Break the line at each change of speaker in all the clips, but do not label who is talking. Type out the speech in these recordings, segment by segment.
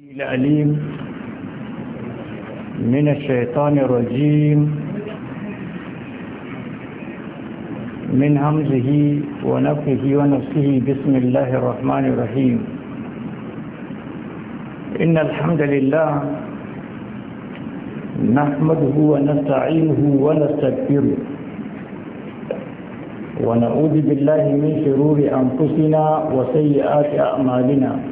الأليم من الشيطان الرجيم من همزه ونفه ونفسه بسم الله الرحمن الرحيم إن الحمد لله نحمده ونستعينه ونستكبره ونعوذ بالله من شرور أنفسنا وسيئات أعمالنا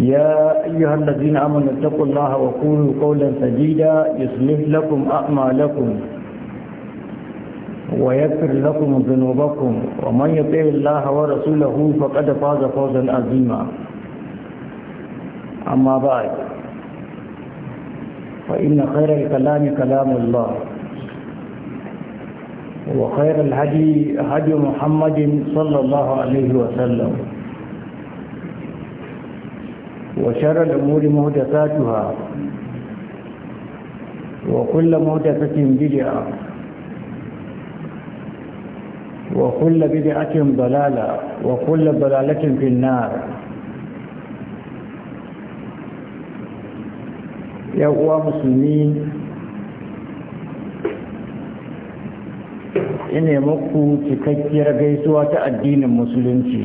يا أيها الذين آمنوا اتقوا الله وقولوا قولا سديدا يصلح لكم أعمالكم ويغفر لكم ذنوبكم ومن يطع الله ورسوله فقد فاز فوزا عظيما أما بعد فإن خير الكلام كلام الله وخير الهدي هدي محمد صلى الله عليه وسلم وشر الأمور مهدساتها وكل مهدسة بدعة وكل بدعة ضلالة وكل ضلالة في النار يا أخوة مسلمين ina muku cikakkiyar gaisuwa ta addinin musulunci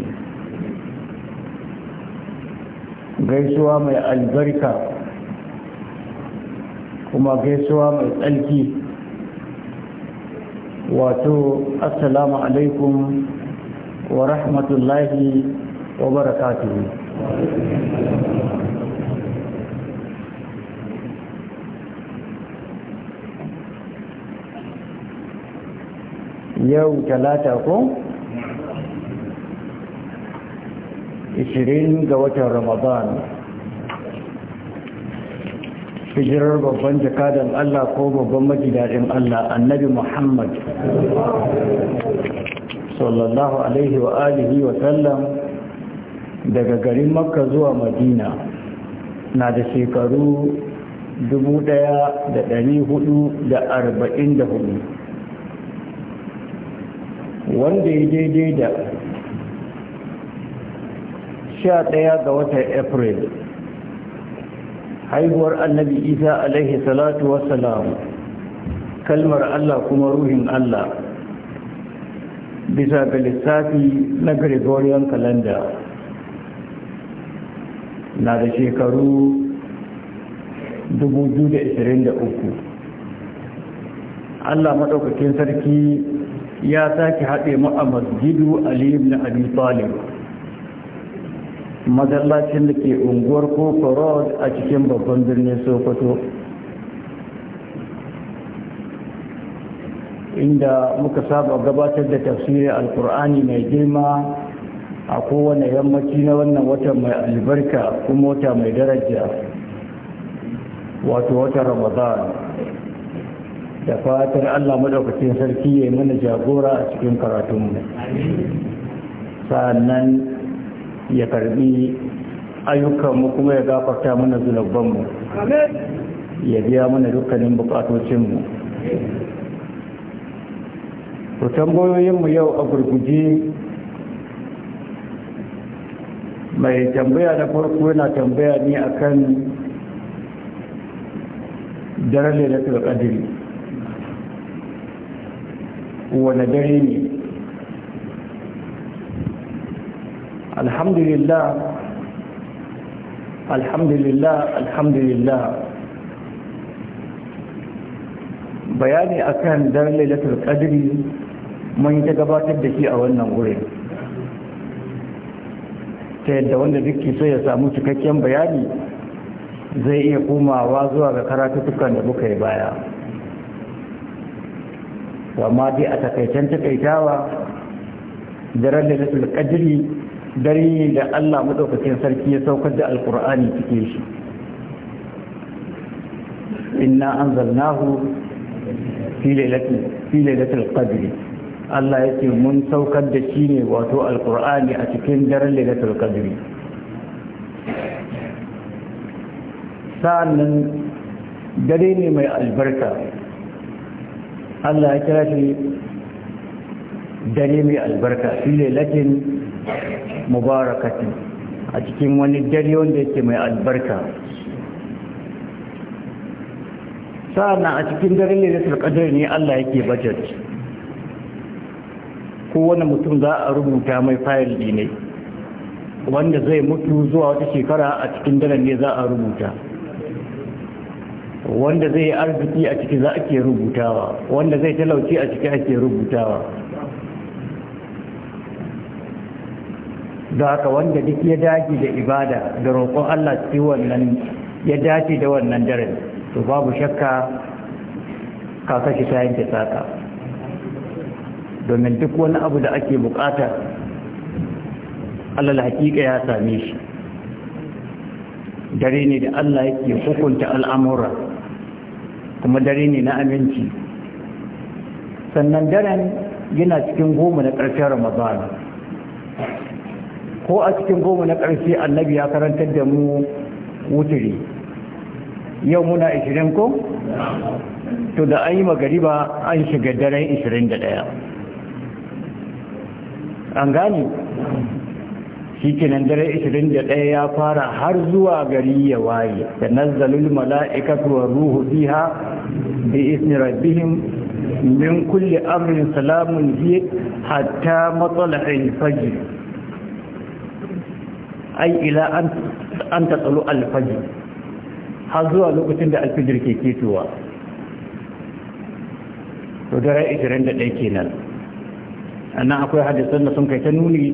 gaisuwa mai albarka kuma gaisuwa mai tsarki wato assalamu alaikum wa rahmatullahi wa barakatuhu yau talata ko 20 ga watan ramadan hijirar babban jakadan Allah ko babban majidadin Allah annabi Muhammad sallallahu alaihi wa alihi wa sallam daga garin makka zuwa madina na da shekaru 1444 wanda ya daidai da 11 ga watan april haihuwar annabi isa alaihi salatu salam, kalmar allah kuma ruhin allah bisa ga lissafi na gregorian calendar na da shekaru 2023 allah maɗaukakin sarki ya sake haɗe mu a masjidu aliyu na abi talib masallacin da ke unguwar koko road a cikin babban birnin sokoto inda muka saba gabatar da tafsirin alkur'ani mai girma a kowane yammaci na wannan wata mai albarka kuma wata mai daraja wato wata ramadan da fatar allah maɗaukacin sarki ya yi mana jagora a cikin karatunmu sannan ya karbi ayyukanmu kuma ya gafarta mana zunubanmu ya biya mana dukkanin bukatocinmu to mu yau a gurguje mai tambaya na farko yana tambaya ne akan daren lalatul qadri wane dare ne الحمد لله الحمد لله الحمد لله bayani akan daren lailatul qadri mun ta gabatar da shi a wannan wurin ta yadda wanda duk so ya samu cikakken bayani zai iya komawa zuwa ga karatutukan da muka yi baya amma dai a takaicen takaitawa daren lailatul qadri dare da Allah maɗaukacin sarki ya saukar da alkur'ani cike shi inna an fi lailatul fi lailatul qadr Allah ce mun saukar da shi ne wato alkur'ani a cikin daren lailatul qadr sa'annan dare ne mai albarka Allah ya kira shi dare mai albarka fi lailatin Mubarakati! a cikin wani dare wanda yake mai albarka sa'annan a cikin dare ne da sarkadar ne Allah yake Ko kowane mutum za a rubuta mai fayil ne wanda zai mutu zuwa wata shekara a cikin dare ne za a rubuta wanda zai arziki a ciki za a ke rubutawa wanda zai talauci a ciki ake rubutawa don haka wanda duk ya dace da ibada da roƙon Allah cikin wannan ya dace da wannan daren to babu shakka ka ta yanke saka domin duk wani abu da ake bukata alal hakika ya same shi dare ne da Allah yake hukunta al'amura kuma dare ne na aminci sannan daren yana cikin goma na ƙarshen ramadana ko a cikin goma na ƙarshe annabi ya karantar da mu wuturi yau muna 20 ko? to da an yi magariba an shiga daren 21 an gani shi kenan daren 21 ya fara har zuwa gari ya waye da nazzalul mala'ikatu wa ruhu biha da ismi rabbihim min kulle amurin salamun biyu hatta matla'il fajr ai ila an ta tsalo alfaji har zuwa lokacin da alfijir ke ketowa to dare 21 kenan annan akwai hadisan da sun kai ta nuni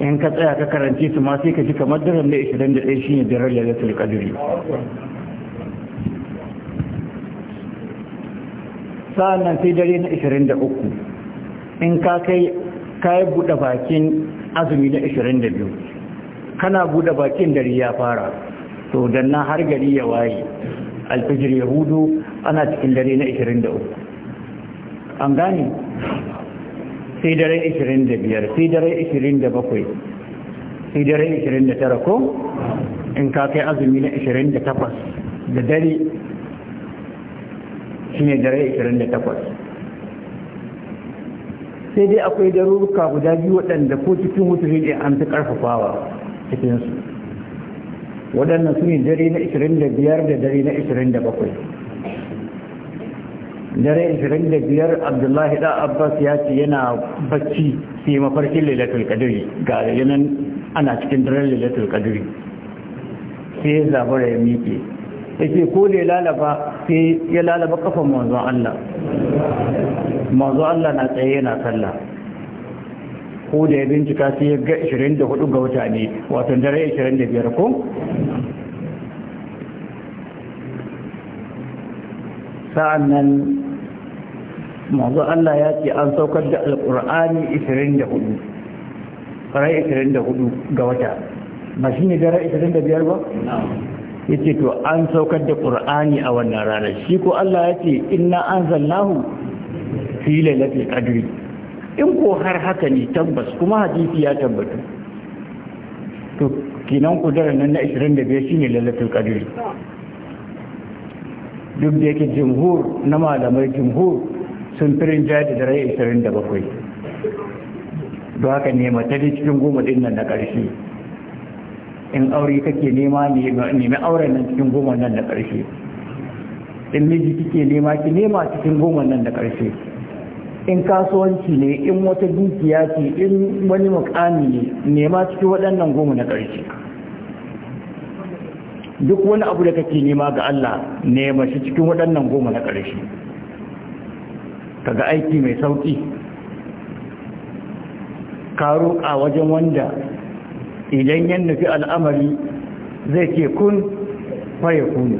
in ka tsaya ka karanci su ma sai ka ji kamar daren da 21 shine daren lailatul kadiri sa'annan sai dare na 23 in ka kai kayan buɗe bakin azumi na 22 kana bude bakin dare ya fara to na har gari ya waye alfijir ya hudu ana cikin dare na 23 an gane sai dare 25 sai dare 27 sai dare 29 ko in ka kai azumi na 28 da dare shi ne dare 28 sai dai akwai daruruka guda biyu waɗanda ko cikin wuturin an fi ƙarfafawa cikinsu waɗannan su ne dare na 25 da dare na 27 dare 25 abdullahi da abbas ya ce yana bacci sai mafarkin lailatul kadiri ga yanan ana cikin daren lailatul kadiri sai ya zabara ya miƙe ya ce ko da ya lalaba sai ya lalaba kafa manzon Allah manzon Allah na tsaye yana sallah ko da ya bincika sai ya ga 24 ga wata ne wato dare 25 ko sa'an nan mazu Allah ya ce an saukar da alƙur'ani 24 ƙarai 24 ga wata ba shi ne dare 25 ba? ya ce to an saukar da ƙur'ani a wannan ranar shi ko Allah ya ce ina an zallahu fi lailatul ƙadiri. in ko har haka ne tabbas kuma hadisi ya tabbatu to kinan kudurar nan na 25 shine lailatul qadr duk da yake jumhur na malamai jumhur sun firin jaya da rai 27 don haka nema ta cikin goma din nan na ƙarshe in aure kake nema nemi auren nan cikin goma nan na ƙarshe in miji kike nema ki nema cikin goma nan na ƙarshe in kasuwanci ne in wata dukiya ce in wani makami ne nema cikin waɗannan goma na ƙarshe duk wani abu da kake nema ga Allah nema shi cikin waɗannan goma na ƙarshe kaga aiki mai sauƙi ka roƙa wajen wanda idan yan nufi al'amari zai ke kun faye kunu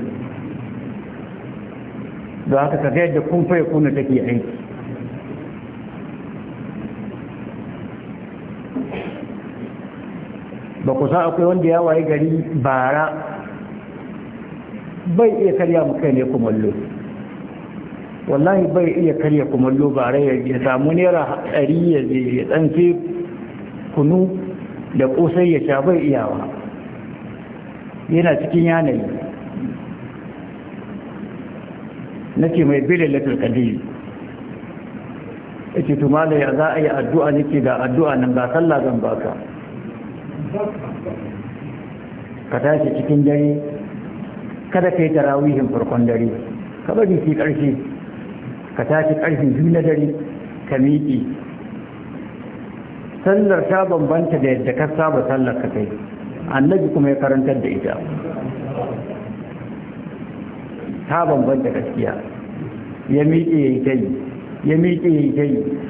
da haka ka ga yadda kun faye take aiki ba ku san akwai wanda ya waye gari bara bai iya karya mu kai ne kumallo wallahi bai iya karya kumallo bara ya samu naira ɗari ya je ya kunu da ƙosai ya sha bai iyawa yana cikin yanayi Na ce mai bile latin kadiri ake tumala ya za a yi addu'a nake da addu'a nan ga sallah zan baka ka tashi cikin dare kada ka yi tarawihin farkon dare ka bari shi ƙarshe ka tashi ƙarshen biyu na dare ka miƙi sallar ta bambanta da yadda ka saba sallar ka kai annabi kuma ya karantar da ita ta bambanta gaskiya ya miƙe ya yi ya miƙe ya yi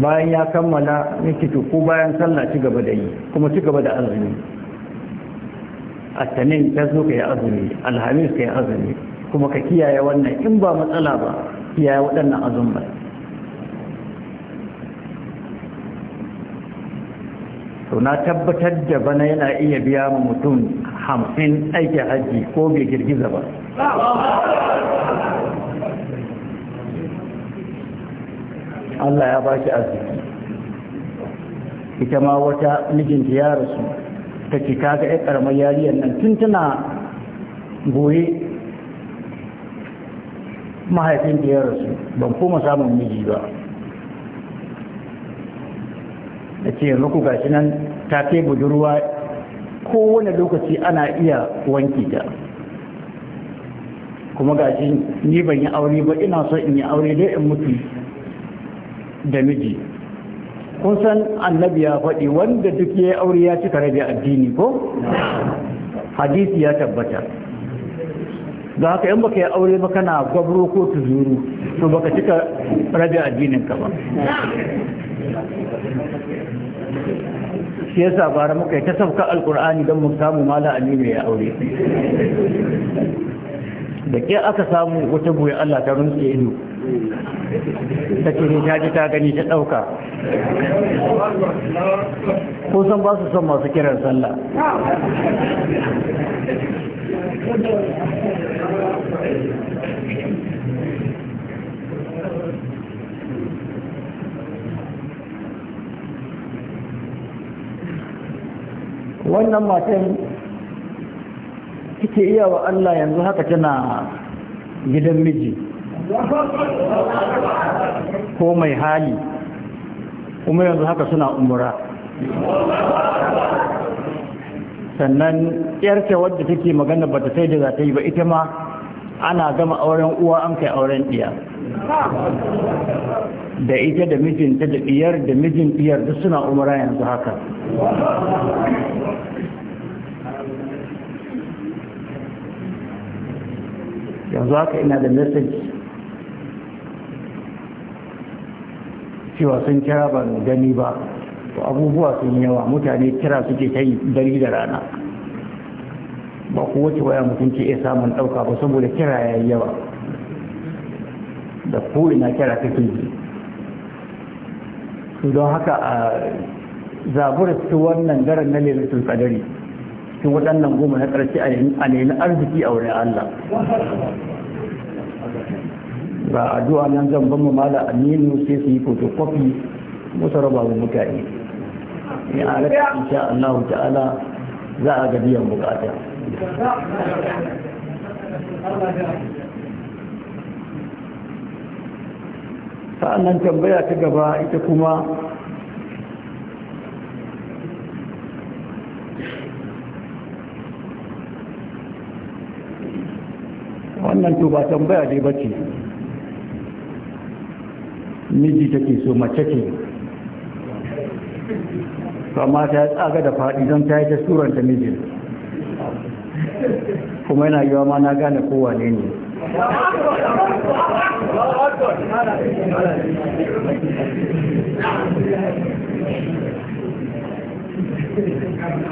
bayan ya kammala nake to ko bayan sallah ci gaba da yi kuma ci gaba da azumi attanin ta zo ka yi azumi alhamis ka yi azumi kuma ka kiyaye wannan in ba matsala ba kiyaye waɗannan azumba to na tabbatar da bana yana iya biya ma mutum hamsin aikin hajji ko bai girgiza ba Allah ya baki arziki ita ma wata mijinta ya rasu ta ce kaga ya karamar yariyar nan tun tana goye mahaifinta ya rasu ban koma samun miji ba da ce yanzu ku gashi nan ta kai budurwa kowane lokaci ana iya wanki ta kuma gashi ni ban yi aure ba ina so in yi aure dai in mutu da miji kun san annabi ya faɗi wanda duk ya aure ya cika rabi addini ko hadisi ya tabbata da haka in baka yi aure ba kana gwabro ko tuzuru to baka cika rabi addinin ka ba shi yasa bara muka yi ta sauka alkur'ani don mu samu mala aminu ya aure da ke aka samu wata guya Allah ta rumtse ido ta ce ne ta ji ta gani ta ɗauka ko san ba su son masu kiran sallah wannan matan kike iya wa Allah yanzu haka tana gidan miji ko mai hali kuma yanzu haka suna umura sannan yarke wadda take magana bata sai da za ta yi ba ita ma ana gama auren uwa an kai auren ɗiya da ita da mijinta da ɗiyar da mijin ɗiyar duk suna umura yanzu haka yanzu haka ina da message cewa sun kira da gani ba to abubuwa sun yawa mutane kira suke ta yi dare da rana ba wace waya mutum ke iya samun ɗauka ba saboda kira ya yi yawa da ko'ina kira ta ke yi don haka a zabura su wannan daren na lelatin tsadari. cikin waɗannan goma na ƙarshe a nemi arziki a wurin Allah ba addu'a nan zan ban mala aminu sai su yi fotokofi musu raba wa mutane in alaƙa insha Allah ta'ala za a ga biyan bukata sa'annan tambaya ta gaba ita kuma wannan to ba tambaya dai bace miji take so mace ce kuma ta tsaga da faɗi don ta yi ta suranta mijin kuma yana yiwa ma na gane kowa ne ne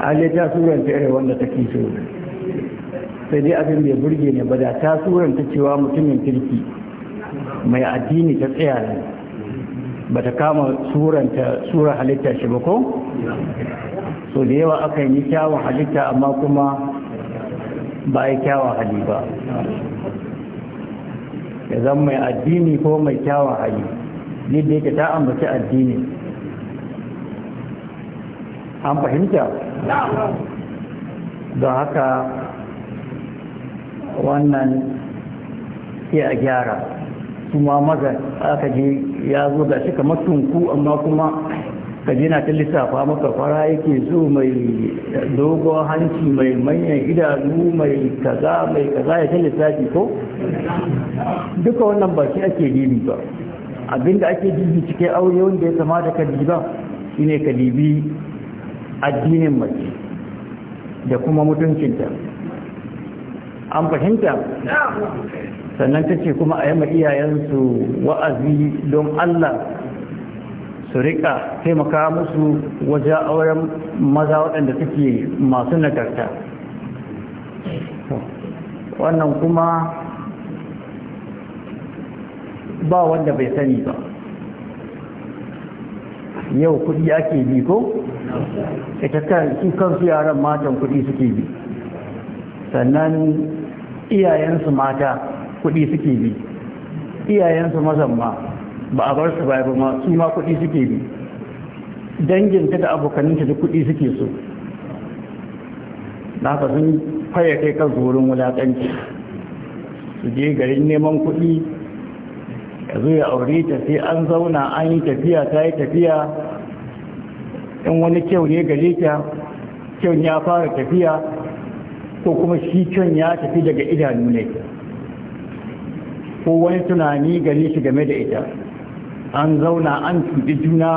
hali ta suranta irin wanda take so sai dai abin bai burge ne ba da ta suranta cewa mutumin kirki mai addini ta tsaya ne ba ta kama suranta sura halitta shi ba ko so da yawa aka yi kyawun halitta amma kuma ba ya kyawun hali ba ya zama mai addini ko mai kyawun hali ne da yake ta ambaci addini an fahimta don haka wannan sai a gyara kuma maza aka je ya zo ga shi kamar tunku amma kuma ka na ta lissafa maka fara yake zo mai dogon hanci mai manyan idanu mai kaza mai kaza ya ta lissafi ko duka wannan ba shi ake dibi ba abinda ake dibi cike aure wanda ya kamata ka diba shine ka dibi addinin mace da kuma mutuncinta an fahimta sannan ta ce kuma a yi iyayensu wa'azi don Allah su riƙa taimaka musu waje auren maza waɗanda suke masu nagarta wannan kuma ba wanda bai sani ba yau kuɗi ake bi ko? ita kan su kansu yaran matan kuɗi suke bi sannan iyayensu mata kuɗi suke bi iyayensu mazan ma ba a bar su ba ma su ma kuɗi suke bi danginta da abokaninta da kuɗi suke so na haka sun faya kai kan wurin wulaƙanci su je garin neman kuɗi ya zo ya aure ta sai an zauna an yi tafiya ta yi tafiya in wani kyau ne gare ta kyau ya fara tafiya ko kuma shi can ya tafi daga idanu ne ko wani tunani gari shi game da ita an zauna an tuɗi juna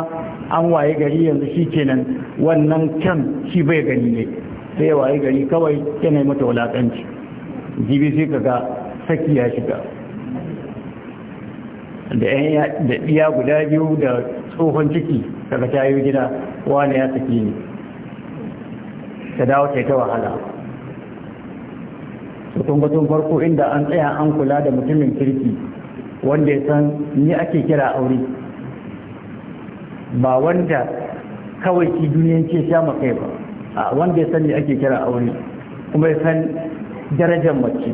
an waye gari yanzu shi kenan wannan can shi bai gani ne sai ya waye gari kawai yana yi mata wulaƙanci jibi sai ka ga saki ya shiga da ɗiya guda biyu da tsohon ciki daga tayo gida wani ya saki ne ta dawo ta wahala tungatun farko inda an tsaya an kula da mutumin kirki wanda ya san ni ake kira aure ba wanda kawai ki duniyan ce sha makai ba a wanda ya san ni ake kira aure kuma ya san darajar mace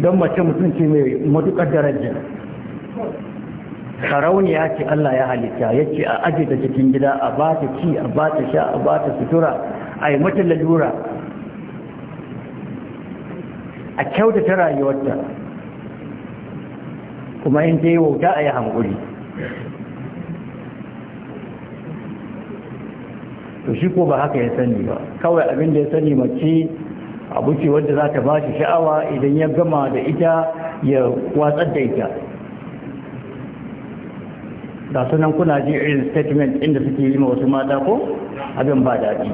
don mace mutum ce mai matukar daraja ya ce Allah ya halitta ya ce a aje ta cikin gida a ba ta ci a ba ta sha a ba ta sutura a yi mata lalura a kyautata rayuwarta kuma in ta yi wauta a yi hankuri to shi ko ba haka ya sani ba kawai abinda ya sani mace abu ce wadda za ta ba sha'awa idan ya gama da ita ya watsar da ita da sunan kuna ji irin statement inda suke yi wasu mata ko abin ba daɗi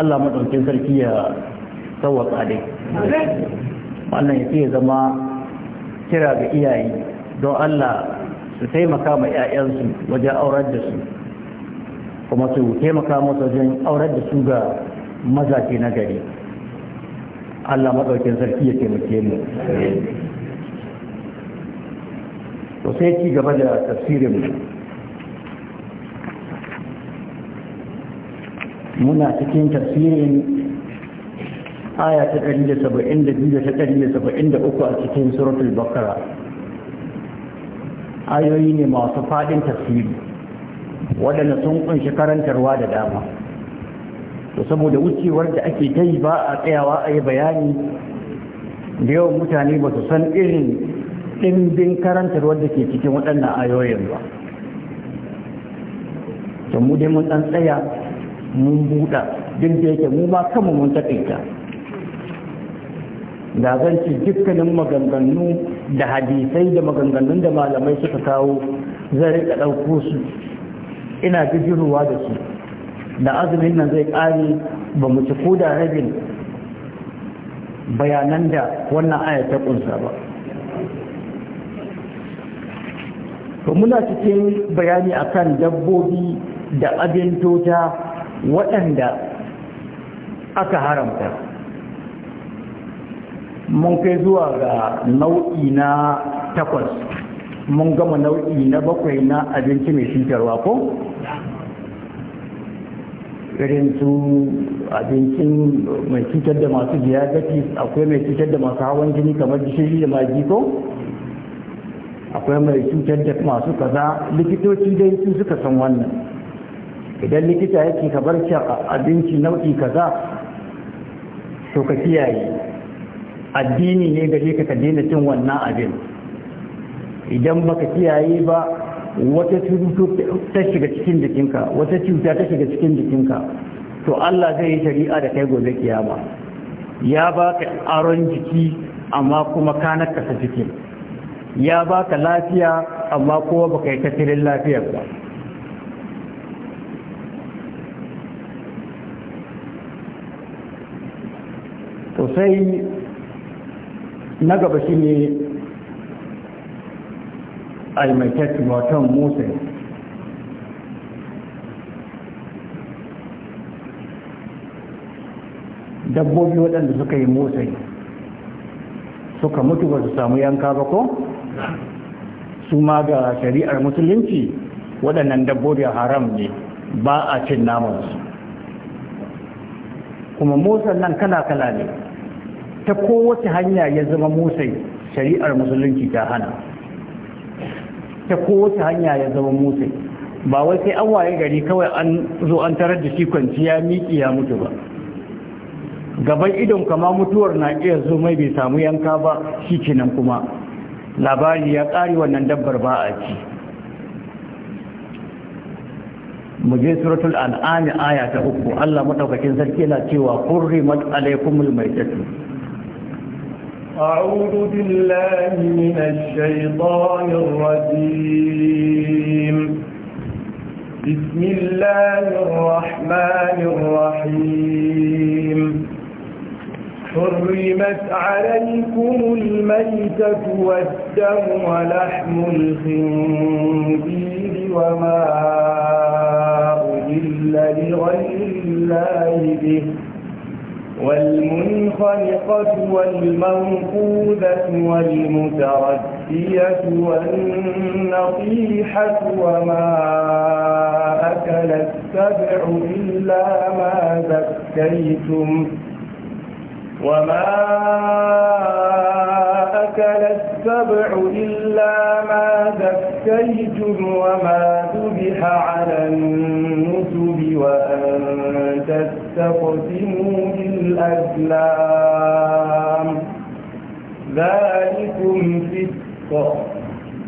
allah maɗaukin sarki ya sauwaka dai wannan yake ya zama kira ga iyaye don Allah su taimaka ma 'ya'yansu wajen aurar da su kuma su taimaka musu wajen aurar da su ga mazaje na gari Allah madaukin sarki ya taimake mu to sai ci gaba da tafsirin mu muna cikin tafsirin aya ta 172 da 173 a cikin suratul bakara ayoyi ne masu faɗin tasiri, waɗanda sun kunshi karantarwa da dama to saboda wucewar da ake ta ba a tsayawa a yi bayani da yawan mutane ba su san irin ɗimbin karantarwar da ke cikin waɗannan ayoyin ba to mu dai mun ɗan tsaya mun buɗa duk da yake mu ma kama mun taɗaita. da zan ci dukkanin maganganu da hadisai da maganganun da malamai suka kawo zan rika ɗauko su ina bijirowa da su da azumin nan zai ƙare ba mu ci ko da rabin bayanan da wannan aya ta ƙunsa ba to muna cikin bayani akan dabbobi da abin tota waɗanda aka haramta mun kai zuwa ga nau'i na takwas mun gama nau'i na bakwai na abinci mai cutarwa ko irin su abincin mai cutar da masu diabetes akwai mai cutar da masu hawan jini kamar gishiri da magi ko akwai mai cutar da masu kaza likitoci dai su suka san wannan idan likita yake ka bar abinci nau'i kaza to ka kiyaye addini ne gare ka ka daina cin wannan abin idan baka kiyaye ba wata cuta ta shiga cikin jikinka wata cuta ta shiga cikin jikinka to Allah zai yi shari'a da kai gobe kiyama ya baka aron jiki amma kuma ka kasa jikin ya baka lafiya amma kuma baka yi tattalin lafiyar ba to na gaba shi ne almaitat watan musa dabbobi waɗanda suka yi Musa suka mutu ba su samu yanka ba ko su ma ga shari'ar musulunci waɗannan dabbobi haram ne ba a cin namansu kuma Musa nan kala-kala ne ta kowace hanya ya zama musai shari'ar musulunci ta hana ta kowace hanya ya zama musai ba wai sai an waye gari kawai an zo an tarar da shi kwanciya miki ya mutu ba gaban idon kama mutuwar na iya zo mai bai samu yanka ba shi kenan kuma labari ya ƙari wannan dabbar ba a ci mu je suratul an'am aya ta uku Allah maɗaukacin sarki yana cewa hurrimat alaykumul maitatu
أعوذ بالله من الشيطان الرجيم بسم الله الرحمن الرحيم حرمت عليكم الميتة والدم ولحم الخنزير وما أهل لغير الله به والمنخنقة والمنقوذة والمتردية والنطيحة وما أكل السبع إلا ما ذكيتم وما أكل السبع إلا ما ذكيتم وما ذبح على النسب وأن تستقسموا بالأسلام ذلكم فسق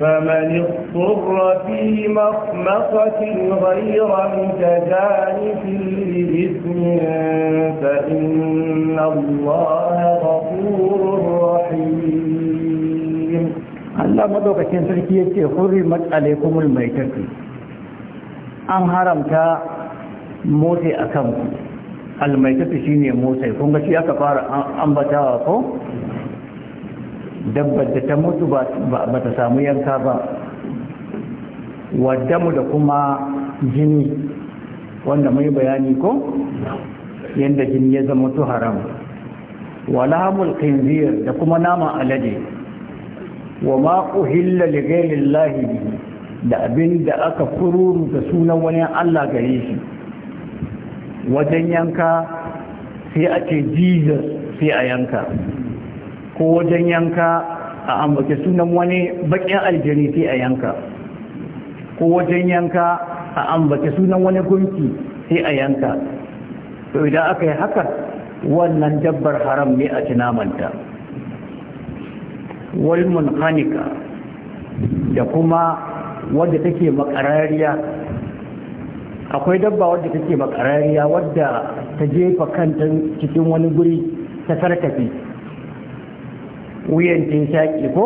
فمن اضطر في مخمصة غير متجانف لإثم فإن الله غفور رحيم الله مدوكاكين سركي يتي حرمت عليكم الميتة
an haramta motsi a kanku almaitatu shine motsi kun ga shi aka fara ambatawa ko dabbar da ta mutu ba ta samu yanka ba waddamu da kuma jini wanda mai bayani ko yadda jini ya zama tu haram lahamul kinziyar da kuma nama alade wa ma uhilla li ghairillahi da abin da aka kururu da sunan wani Allah gare shi wajen yanka sai a ce Jesus sai a yanka ko wajen yanka a ambace sunan wani bakin aljani sai a yanka ko wajen yanka a ambace sunan wani gunki sai a yanka to idan aka yi haka wannan dabbar haram ne a tunamanta walmun hanika da kuma wadda take makarariya akwai dabba wadda take makarariya wadda ta jefa kanta cikin wani guri ta sarkafi wuyan tin shaƙi ko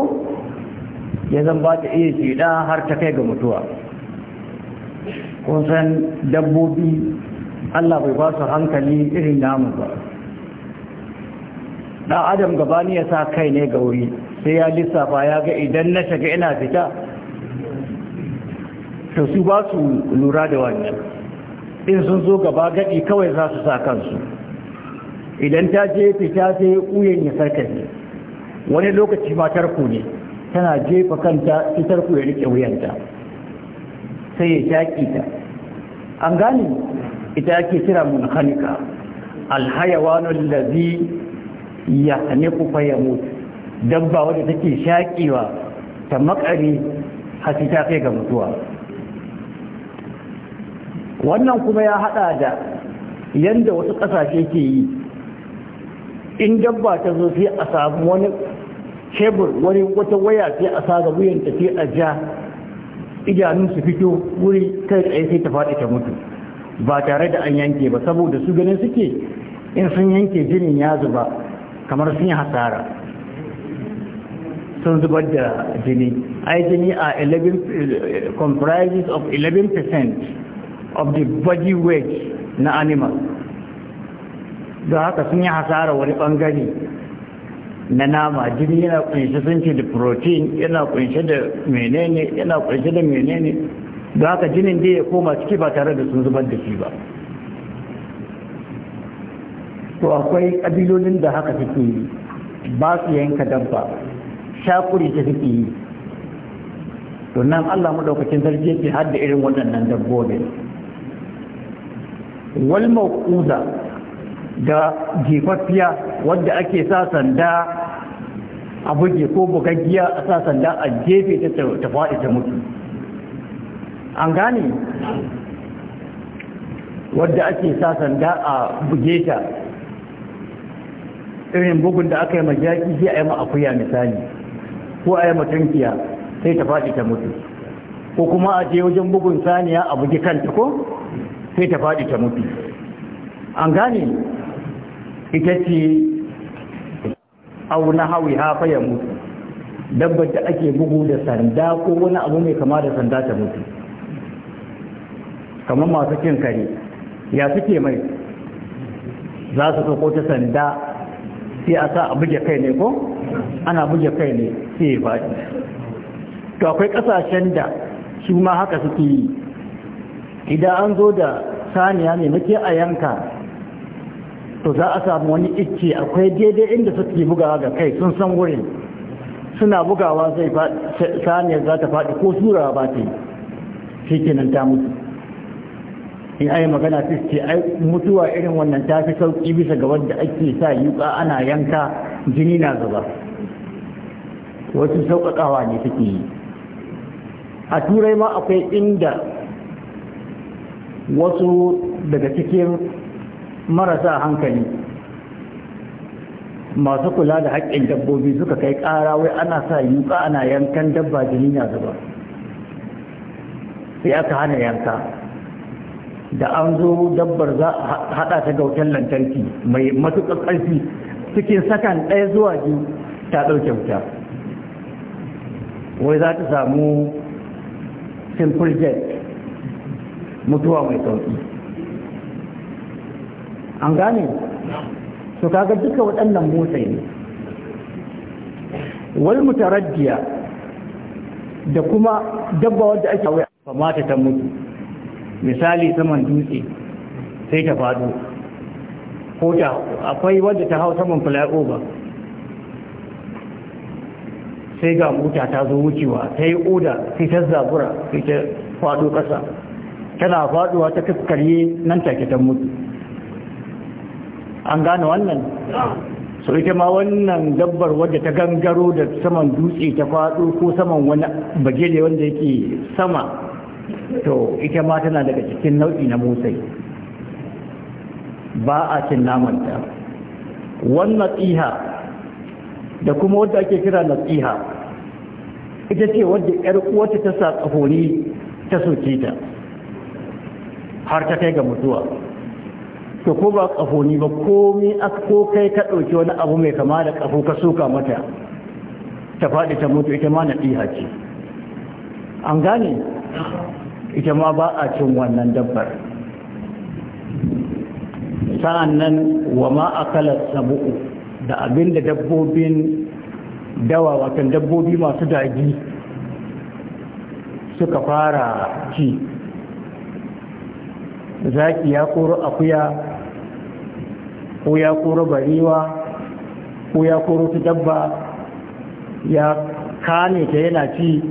ya zan ba ta iya shiɗa har ta kai ga mutuwa kun san dabbobi allah bai ba su hankali irin namu ba Da adam gabani ya sa kai ne ga wuri sai ya lissafa ya ga idan na shiga ina fita to su ba su lura da wannan in sun zo gaba gadi kawai za su sa kansu idan ta je fita sai ƙuyen ya sarkace wani lokaci ma tarko ne tana jefa kanta sai tarko ya rike wuyanta sai ya shaƙi ta an gane ita ake kira mun hanika alhayawanun lazi ya ne fa ya mutu dabba wadda take shaƙewa ta makare hasi ta kai ga mutuwa wannan kuma ya hada da yadda wasu ƙasashe ke yi in dabba ta zo sai a samu wani kebur wani wata waya sai a sa ga ta sai a ja idanun su fito wuri kai tsaye sai ta faɗi ta mutu ba tare da an yanke ba saboda su ganin suke in sun yanke jinin ya zuba kamar sun yi hasara sun zubar da jini ai jini a 11 eh, comprises of 11% of the body weight na animal don haka sun yi hasara wani bangare na nama jini yana kunshe sun ce da protein yana kunshe da menene yana kunshe da menene don haka jinin da ya koma ciki ba tare da sun zubar da shi ba to akwai ƙabilolin da haka suke yi ba su yanka dabba shakuri ta suke yi to nan allah maɗaukacin sarki yake har da irin waɗannan dabbobin wal mawquza da jifaffiya wadda ake sa sanda a buge ko bugaggiya a sa sanda a jefe ta faɗi ta mutu an gane wadda ake sa sanda a buge ta irin bugun da aka yi majaki shi a yi ma akuya misali ko a yi matankiya sai ta faɗi ta mutu ko kuma a je wajen bugun saniya a bugi kanta ko sai ta faɗi ta mutu an gane ita ce au na hawi hafa ya mutu dabbar da ake bugu da sanda ko wani abu mai kama da sanda ta mutu kamar masu cin kare ya suke mai za su ɗauko ta sanda sai a sa a buge kai ne ko ana buge kai ne sai ya faɗi to akwai ƙasashen da su ma haka suke yi idan an zo da saniya ne muke a yanka to za a samu wani icce akwai daidai inda suke bugawa ga kai sun san wurin suna bugawa zai saniyar za ta faɗi ko surawa ba ta yi shi nan ta mutu in ai magana ce ai mutuwa irin wannan ta fi sauƙi bisa ga wadda ake sa yuka ana yanka jini na zuba wasu sauƙaƙawa ne suke yi a turai ma akwai inda wasu daga cikin marasa hankali masu kula da haƙƙin dabbobi suka kai ƙara wai ana sa yuka ana yankan dabba jini na zuba sai aka hana yanka da an zo dabbar za a haɗa ta ga wutar lantarki mai matuƙar ƙarfi cikin sakan ɗaya zuwa biyu ta ɗauke wuta wai za ta samu simple jet mutuwa mai sauƙi an gane to kaga duka waɗannan motsa ne wal mutaraddiya da kuma dabba wadda ake ba kamata ta mutu misali saman dutse sai ta faɗo ko ta akwai wadda ta hau saman flyover sai ga mota ta zo wucewa ta yi oda sai ta zabura sai ta faɗo ƙasa tana faɗuwa ta kaskare nan take ta mutu an gane wannan sau ita ma wannan dabbar wadda ta gangaro da saman dutse ta faɗo ko saman wani bagele wanda yake sama to ita ma tana daga cikin nau'i na motsai ba a cin namanta wannan tsiha da kuma wadda ake kira na tsiha ita ce wadda ‘yar uwata ta sa tsahoni ta soke ta har ta kai ga mutuwa to ko ba ni ba komi ko kai ka ɗauki wani abu mai kama da ƙaho ka suka mata ta faɗi ta mutu ita ma na ɗiha ce an gane ita ma ba a cin wannan dabbar sa'an wa ma akalar sabu'u da abin da dabbobin dawa watan dabbobi masu dagi suka fara ci zaki ya koro akuya ko ya koro bariwa ko ya koro su dabba ya kane ta yana ci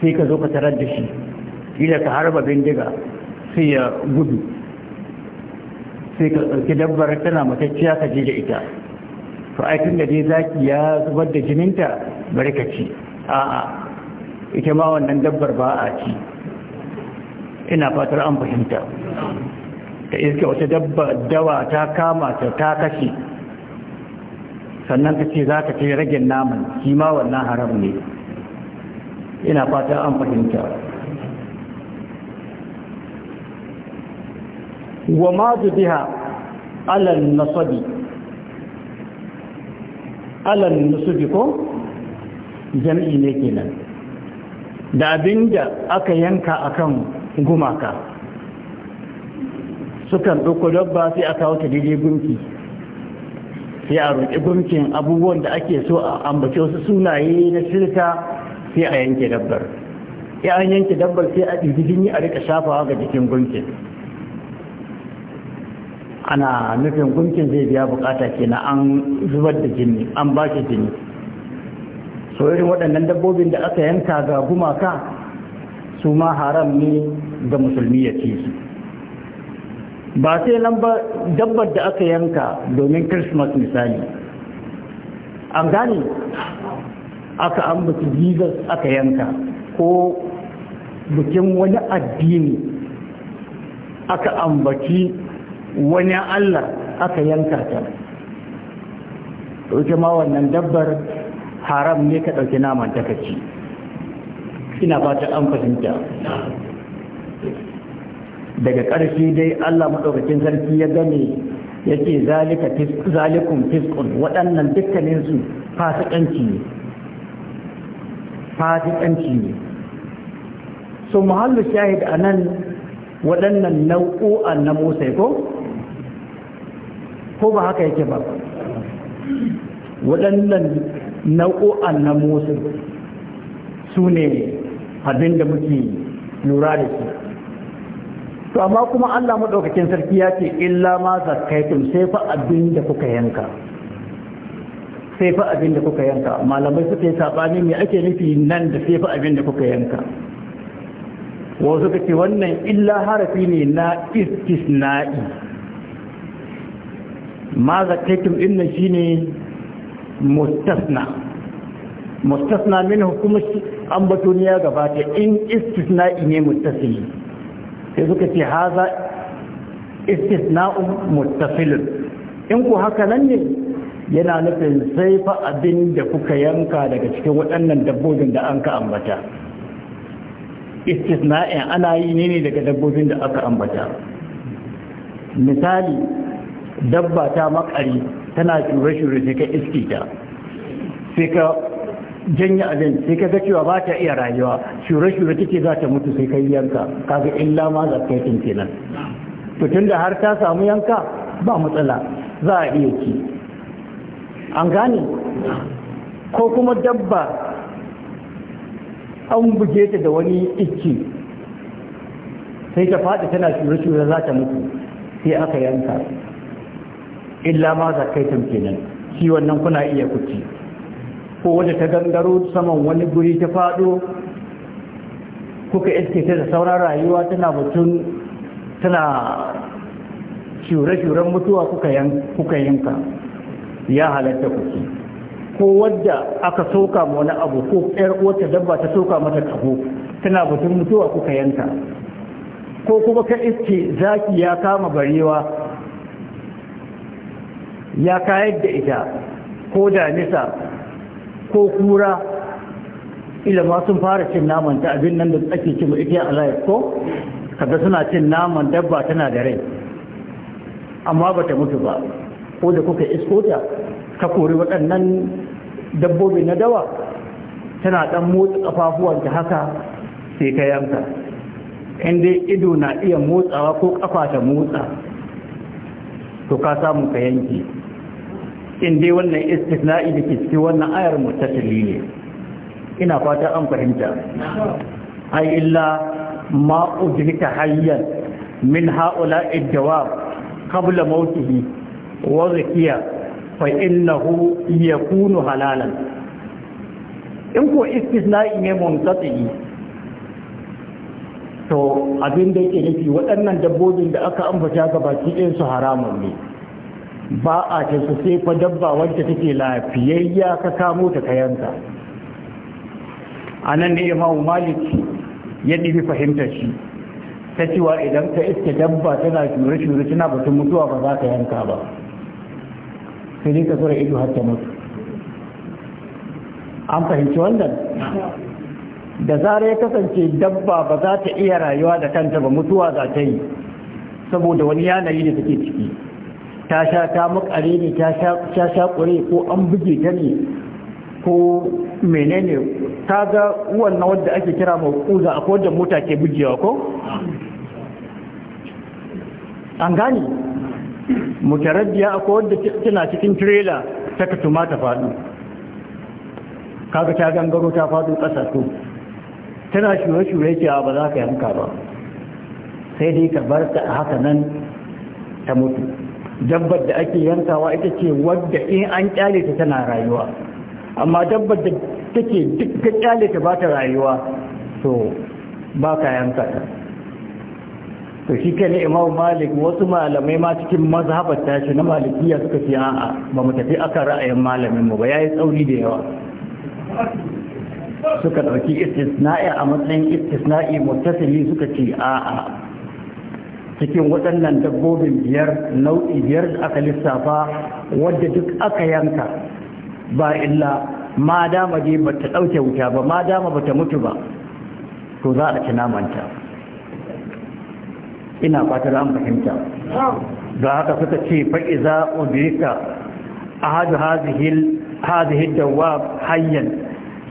sai ka zo ka tarar da shi kila ka harba bindiga sai ya gudu sai ka ɗauki dabbar tana matacciya ka je da ita to ai tun da dai zaki ya zubar da jininta bari ka ci a'a ita ma wannan dabbar ba a ci ina fatar an fahimta ta iske wata dabba dawa ta kama ta ta kashe sannan ka ce za ka ce ragin naman shi ma wannan haram ne ina fata an fahimta wa ma biha alal nasabi alal nasabi ko jam'i ne kenan da abinda aka yanka akan gumaka sukan ɗauko dabba sai a kawo ta daidai gunki sai a roƙi gunkin abubuwan da ake so a ambace wasu sunaye na shirka sai a yanke dabbar ya an yanke dabbar sai a ɗigi jini a rika shafawa ga jikin gunkin ana nufin gunkin zai biya bukata kenan an zubar da jini an ba shi jini so irin waɗannan dabbobin da aka yanka ga gumaka su ma haram ne ga musulmi ya ci su ba sai nan ba dabbar da aka yanka domin christmas misali an gane aka ambaci jesus aka yanka ko bikin wani addini aka ambaci wani allah aka yanka ta ita ma wannan dabbar haram ne ka ɗauki naman takaci ina ba ta an fahimta daga ƙarshe dai Allah maɗaukakin sarki ya gane ya ce zalikun fiskun waɗannan dukkaninsu fasikanci ne fasikanci ne so muhallu shahid a nan waɗannan nau'o'an na musa ko ko ba haka yake ba waɗannan nau'o'an na musa su ne abinda muke lura da su to amma kuma Allah madaukakin sarki ya ce illa ma zakaitum sai fa abin da kuka yanka sai fa abin da kuka yanka malamai suka yi sabani me ake nufi nan da sai fa abin da kuka yanka wasu suka ce wannan illa harafi ne na istisna'i ma zakaitum din nan shine mustasna mustasna min kuma ambatoniya gaba ta in istisna'i ne mustasili sai suka ce haza istisna'un muttafilin in ku haka nan ne yana nufin sai fa abin da kuka yanka daga cikin waɗannan dabbobin da an ka ambata istisna'in ana yi ne ne daga dabbobin da aka ambata misali dabba ta makari tana shure-shure sai ka iskita sai ka janye abin sai ka ga cewa ba ta iya rayuwa shure-shure take za ta mutu sai kai yanka kaga illa ma za ka yi kenan to da har ta samu yanka ba matsala za a iya ki. an gane ko kuma dabba an buge ta da wani icci sai ta faɗi tana shure-shure za ta mutu sai aka yanka illa ma za ka yi kenan shi wannan kuna iya kuci ko wadda ta gangaro saman wani guri ta faɗo kuka iske ta da sauran rayuwa tana mutum tana shure-shuren mutuwa kuka yanka ya halatta kuke ko wadda aka soka ma wani abu ko ƴar wata dabba ta soka mata kabo tana batun mutuwa kuka yanka ko kuma ka iske zaki ya kama barewa ya kayar da ita ko damisa ko kura ila ma sun fara cin naman ta abin nan da ake cin mu ita alayar ko kaga suna cin naman dabba tana da rai amma bata mutu ba ko da kuka iskota ka kori waɗannan dabbobi na dawa tana ɗan motsa kafafuwanta haka sai ka yanka in dai ido na iya motsawa ko ƙafa ta motsa to ka samu ka yanki in dai wannan istisna'i da ke cikin wannan ayar mutasili ne ina fata an fahimta ai illa ma ujlika hayyan min haula ad qabla mawtihi wa zakiya fa innahu yakunu halalan in ko istisna'i ne munqati to abin da yake nufi waɗannan dabbobin da aka ambata ga baki su haramun ne ba a ce sai fa dabba wanda take lafiyayya ka kamo ta kayanka a nan ne imamu malik ya ɗifi fahimtar shi ta cewa idan ka iske dabba tana shure-shure tana batun mutuwa ba za ka yanka ba sai dai ka zura ido har ta mutu an fahimci wannan da zarar ya kasance dabba ba za ta iya rayuwa da kanta ba mutuwa za ta yi saboda wani yanayi da take ciki ta sha ta makare ne ta sha kure ko an buge ta ne ko menene ta ga wannan wadda ake kira mai kuza a wadda mota ke bugewa ko? an gani mutaraddiya a wadda tana cikin trailer ta katuma ta faɗo kaga ta gangaro ta faɗo ƙasa to tana shure-shure cewa ba za ka yanka ba sai dai ka bar ta haka nan ta mutu dabbar da ake yankawa ita ce wadda in an kyale ta tana rayuwa amma dabbar da take duk kyale ta ba ta rayuwa to ba ka yanka ta to shi ne imam malik wasu malamai ma cikin mazhabar tashi na malikiya suka ce a'a ba mu tafi aka ra'ayin malamin mu ba yayi tsauri da yawa suka dauki istisna'i a matsayin istisna'i muttasili suka ce a'a cikin waɗannan dabbobin biyar nau'i biyar da aka lissafa wadda duk aka yanka ba illa ma dama dai ba ta ɗauke wuta ba ma dama ba ta mutu ba to za a ci namanta ina fatar an fahimta da haka suka ce fa'iza ubirika a hadu hazihin dawa hanyar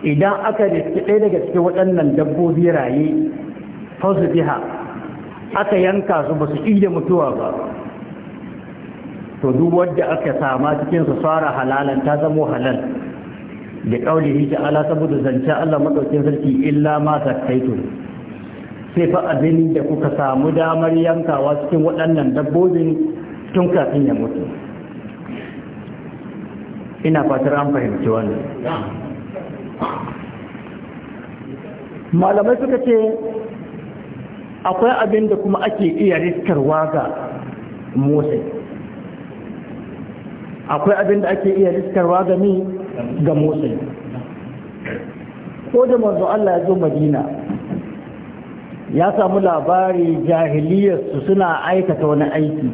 idan aka riski ɗaya daga cikin waɗannan dabbobi raye fauzu biha aka yanka su ba su da mutuwa ba to duk wadda aka sama cikin su fara halalan ta zamo halal da kauli ta ala saboda zance Allah madaukin sarki illa ma zakaitu sai fa abin da kuka samu damar yankawa cikin waɗannan dabbobin tun kafin ya mutu ina fatar an fahimci wannan malamai suka ce akwai abin da kuma ake iya riskarwa ga motsai akwai abin da ake iya riskarwa ga mi ga motsai ko da manzo Allah ya zo madina ya samu labari su suna aikata wani aiki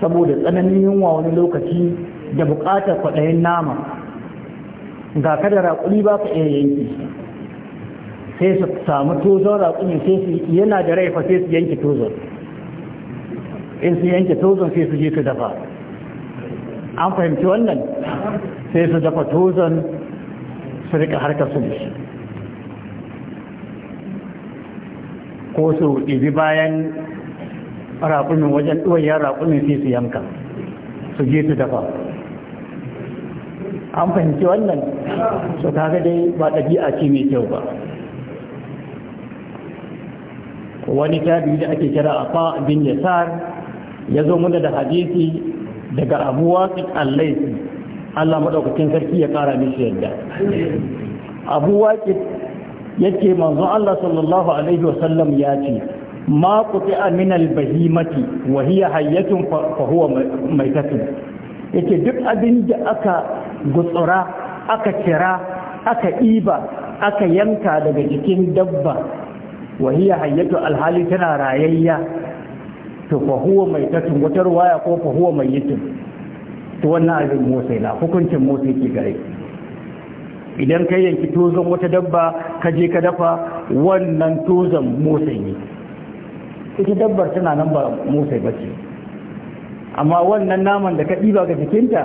saboda tsananin yunwa wani lokaci da buƙatar kwaɗayin nama ga kada raƙuli ba ka iya yanki sai su samu tozon raƙumi sai su yana da rai fa sai su yanke tozon in su yanke tozon sai su je su dafa an fahimci wannan sai su dafa tozon su rika harkar su shi ko su ibi bayan raƙumin wajen ɗoyar raƙumin sai su yanka su je su dafa an fahimci wannan su kaga dai ba ɗabi'a ce mai kyau ba wani tabi da ake kira a bin yasar ya zo mana da hadisi daga abu wasu allaisi allah maɗaukakin sarki ya ƙara mishi yadda abu wasu yake manzo allah sallallahu alaihi wasallam ya ce ma kuɗi aminal bahimati wa hiya hayyatun fahuwa mai tafi yake duk abin da aka gutsura aka kira aka iba aka yanka daga jikin dabba wa hiya hayyatu alhali tana rayayya to fa huwa mai tatun wata ruwaya ko fa huwa mai yitin to wannan abin motsai na hukuncin motsai ke gare idan ka yanki tozon wata dabba ka je ka dafa wannan tozon motsai ne ita dabbar tana nan ba motsai ba ce amma wannan naman da ka ɗiba ga jikinta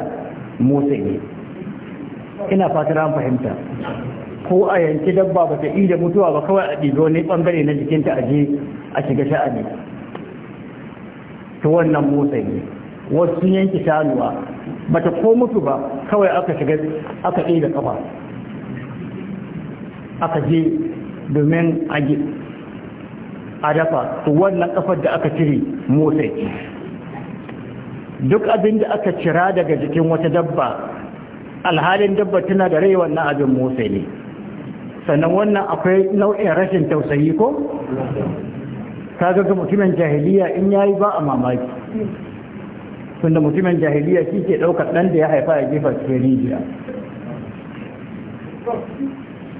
motsai ne ina fatan an fahimta ko a yanki dabba ba ta da mutuwa ba kawai a ɗibi ne ɓangare na jikinta a je a shiga sha'ani ta wannan motsa ne wasu yanki shanuwa ba ta ko mutu ba kawai aka shiga aka da kafa aka je domin a a dafa to wannan kafar da aka cire motsa duk abin da aka cira daga jikin wata dabba alhalin dabba tana da rai wannan abin motsa ne sannan wannan akwai nau'in rashin tausayi ko Ta ga mutumin jahiliya in yayi ba a mamaki tunda mutumin jahiliya shi ke ɗaukar ɗan da ya haifa ya jefa cikin rijiya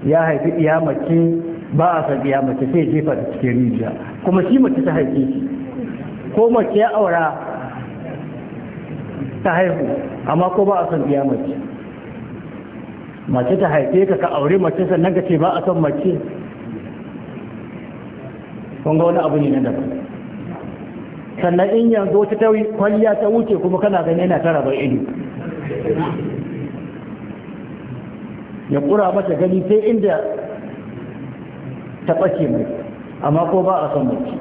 ya haifi iya mace ba a san iya mace sai jefa ta cikin rijiya kuma shi mace ta haife shi ko mace ya aura ta haihu amma ko ba a san iya mace mace ta haife ka ka aure mace sannan ka ce ba a son mace kun wani abu ne na daban sannan in yanzu wata ta kwalliya ta wuce kuma kana gani yana ta bai ido ya kura mata gani sai inda ta ɓace mai amma ko ba a son mace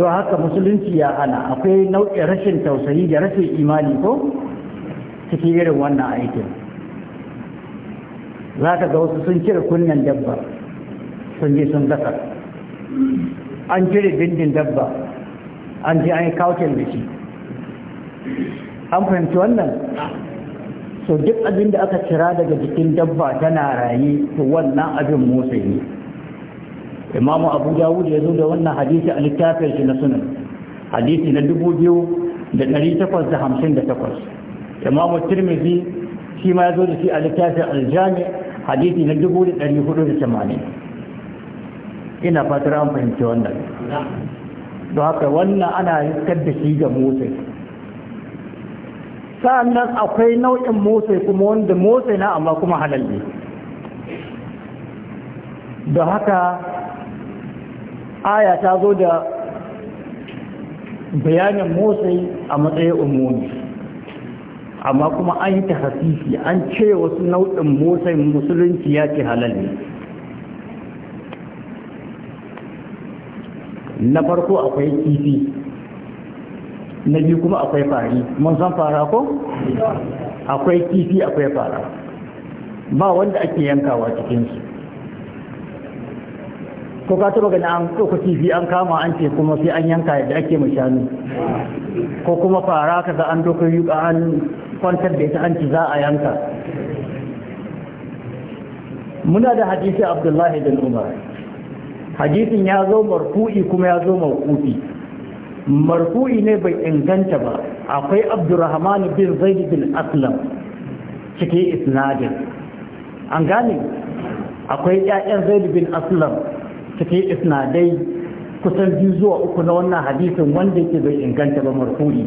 don haka musulunci ya hana akwai nau'in rashin tausayi da rashin imani ko cikin irin wannan aikin za ka ga wasu sun cire kunnen dabba sun je sun gasa an cire bindin dabba an je an yi kawcin da shi an fahimci wannan so duk abin da aka cira daga jikin dabba tana raye to wannan abin motsa ne imamu abu dawud ya zo da wannan hadisi a littafin shi na sunan hadisi na dubu biyu da takwas da hamsin da takwas imamu tirmidhi shi ma ya zo da shi a littafin aljami hadisi na dubu da ɗari hudu da tamanin ina fatar an fahimci wannan don haka wannan ana riskar da shi ga motsai sa'annan akwai nau'in motsai kuma wanda motsai na amma kuma halal ne don haka aya ta zo da bayanin motsai a matsayin umumi amma kuma an yi hasisi an ce wasu nau'in motsin musulunci ya ce halal ne na farko akwai kifi na biyu kuma akwai fari mun san fara ko akwai kifi akwai fara ba wanda ake yankawa cikinsu ko ka taba gani an ko kifi an kama an ce kuma sai an yanka yadda ake mu shanu ko kuma fara kaza an doka yuka an kwantar da ita an ci za a yanka muna da hadisi abdullahi bin umar hadisin ya zo marfu'i kuma ya zo marfu'i marfu'i ne bai inganta ba akwai abdurrahman bin zaid bin aslam cikin isnadin an gane akwai ƴaƴan zaid bin aslam cikin isnadai kusan biyu zuwa uku na wannan hadisin wanda yake bai inganta ba marfu'i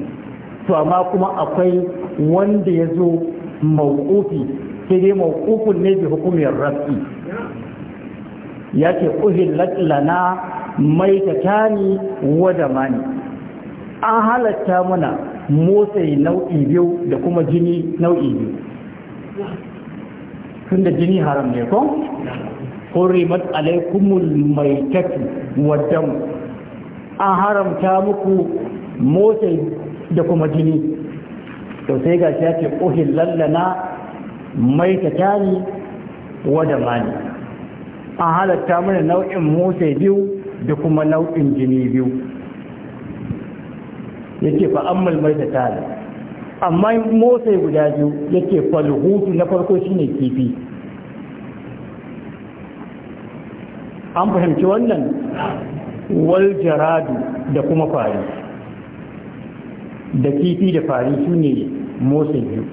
to amma kuma akwai wanda ya zo mawukufi sai dai mawukufin ne bi hukumiyar rafi yake uhillat lana maitatani wa mani an halatta muna motsai nau'i biyu da kuma jini nau'i biyu da jini haram ne ko hurrimat alaikumul maitatu wa dam an haramta muku motsai da kuma jini to sai ga shi ya ce lallana mai ta tari wada mani an halatta mana nau'in motsa biyu da kuma nau'in jini biyu yake fa'ammal mai ta tari amma motsa guda biyu yake falhutu na farko shine kifi an fahimci wannan wal jaradu da kuma kwari da kifi da fari su ne motsin biyu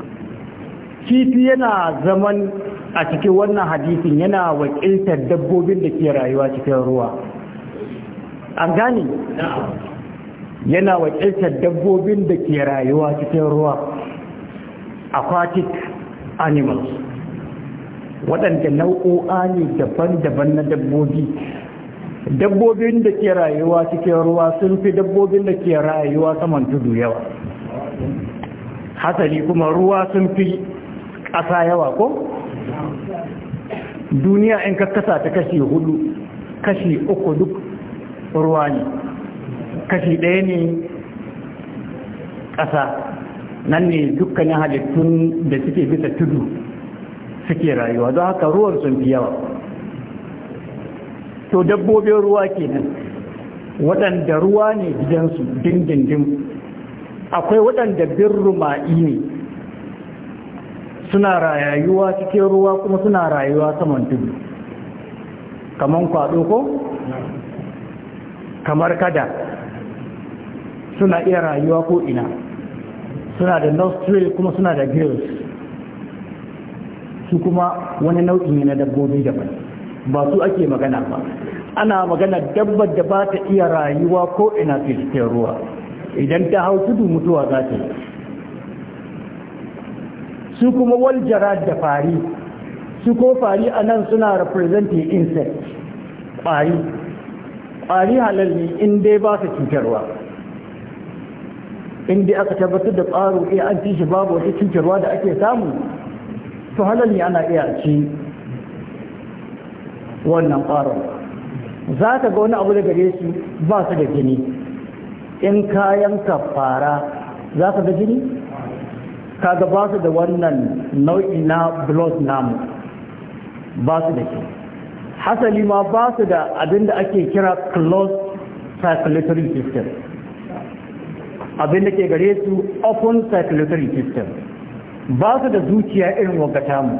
kifi yana zaman a cikin wannan hadisin yana wakiltar dabbobin da ke rayuwa cikin ruwa an gani yana wakiltar dabbobin da ke rayuwa cikin ruwa aquatic animals waɗanda nau'o'a ne daban-daban na dabbobi dabbobin da ke rayuwa cikin ruwa sun fi dabbobin da ke rayuwa saman tudu yawa hasali kuma ruwa sun fi ƙasa yawa ko? duniya in ka kasa ta kashi hudu kashi uku duk ruwa ne kashi ɗaya ne ƙasa nan ne dukkanin halittun da suke bisa tudu suke rayuwa don haka ruwan sun fi yawa to dabbobin ruwa kenan waɗanda ruwa ne gidansu dindindin akwai waɗanda bin ruma'i ne suna rayuwa cikin ruwa kuma suna rayuwa saman tudu kamar kwaɗo ko kamar kada suna iya rayuwa ko ina suna da nostril kuma suna da gills su kuma wani nau'i ne na dabbobi daban ba su ake magana ba ana magana dabbar da ba ta iya rayuwa ko ina cikin ruwa idan ta hau tudu mutuwa za ta su kuma waljara da fari su ko fari a nan suna representing insect ƙwari ƙwari halalli inda ba su cutarwa in dai aka tabbatar da ƙwaro iya eh, an ci shi babu wata cutarwa da ake samu to halalli ana iya ci wannan ƙwaron za ka ga wani abu da gare su ba su da jini in kayan ka fara za ka ga jini ka ga ba su da wannan nau'i na blood namu ba su da shi hasali ma ba su da abin da ake kira close circulatory system abin da ke gare su open circulatory system ba su da zuciya irin wakata mu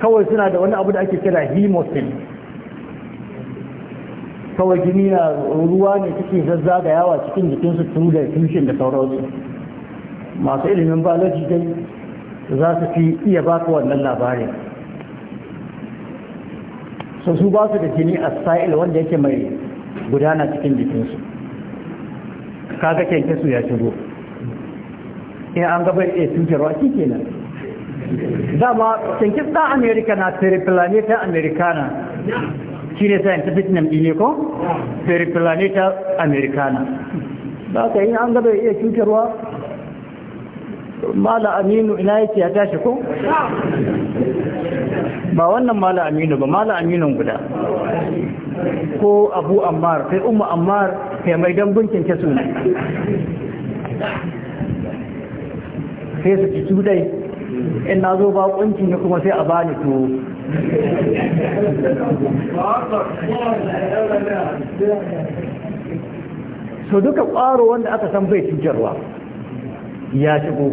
kawai suna da wani abu da ake kira hemosin kawai jini na ruwa ne suke zazzaga yawa cikin jikinsu tun da tushen da sauransu masu ilimin biology dai za su fi iya baka wannan labarin so su ba su da jini a sa'il wanda yake mai gudana cikin jikinsu kaga kyanke su ya shigo in an gaba ya cutarwa shi kenan dama cinkis ɗan amerika na periplaneta americana shi ne scientific name ɗine ko periplaneta americana ba ka yi an gaba iya cutarwa mala aminu ina yake ya tashi ko ba wannan mala aminu ba mala aminu guda ko abu ammar sai umu ammar kai mai don bincin ke suna sai su ci dai in na zo bakunci ne kuma sai a bani tuwo so duka ƙwaro wanda aka san bai cutarwa ya shigo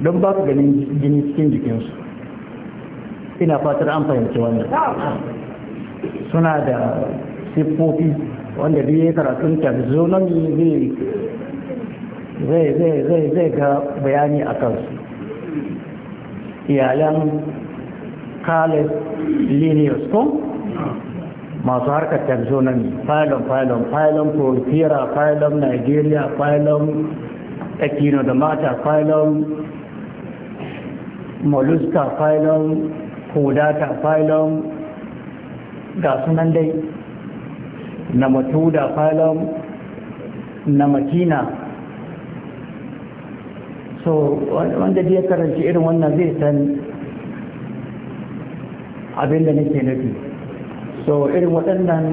don ba ku ganin jini cikin jikinsu ina fatar an fahimci wannan suna da siffofi wanda da ya karatun taxonomy zai zai zai zai ga bayani a kansu iyalan caleb linus ko masu harkar taxonomy phylum phylum phylum porfira phylum nigeria phylum echinodermata phylum mollusca phylum codata phylum ga sunan dai namatuda na namatina so wanda ya karanci irin wannan zai san abin da nake nufi so irin waɗannan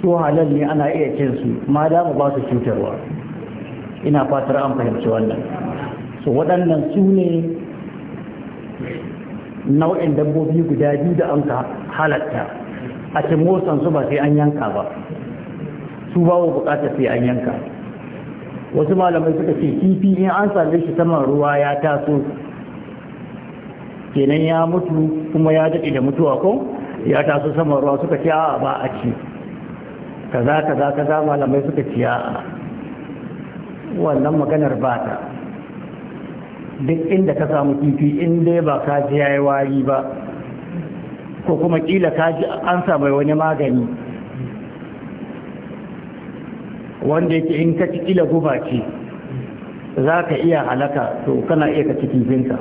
su halal ne ana iya cin su ma dama ba su cutarwa ina fatar an fahimci wannan so waɗannan su ne nau'in dabbobi guda biyu da an ka halatta a cin su ba sai an yanka ba su bawa bukatar sai an yanka wasu malamai suka ce kifi in an same shi saman ruwa ya taso kenan ya mutu kuma ya daɗe da mutuwa ko ya taso saman ruwa suka ce a ba a ci kaza kaza kaza malamai suka ce a wannan maganar ba ta duk inda ka samu kifi in dai ba ka ji yayi wari ba ko kuma kila ka ji an samu wani magani wanda yake in ka ci kila guba ce za ka iya halaka to kana iya ka cikin jinka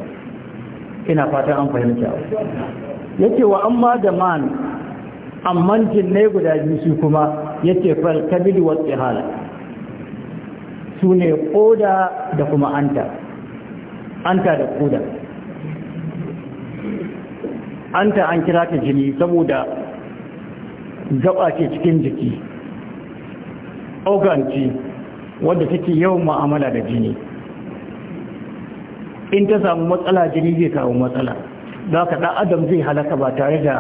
ina fatan an fahimta yake wa amma da man amman jinne guda biyu su kuma yake fal kabil wa tsihal su koda da kuma anta anta da koda anta an kira ta jini saboda gaba ce cikin jiki organti wanda wadda take yawan ma'amala da jini in ta samu matsala jini zai kawo matsala za ka ɗan adam zai halaka ba tare da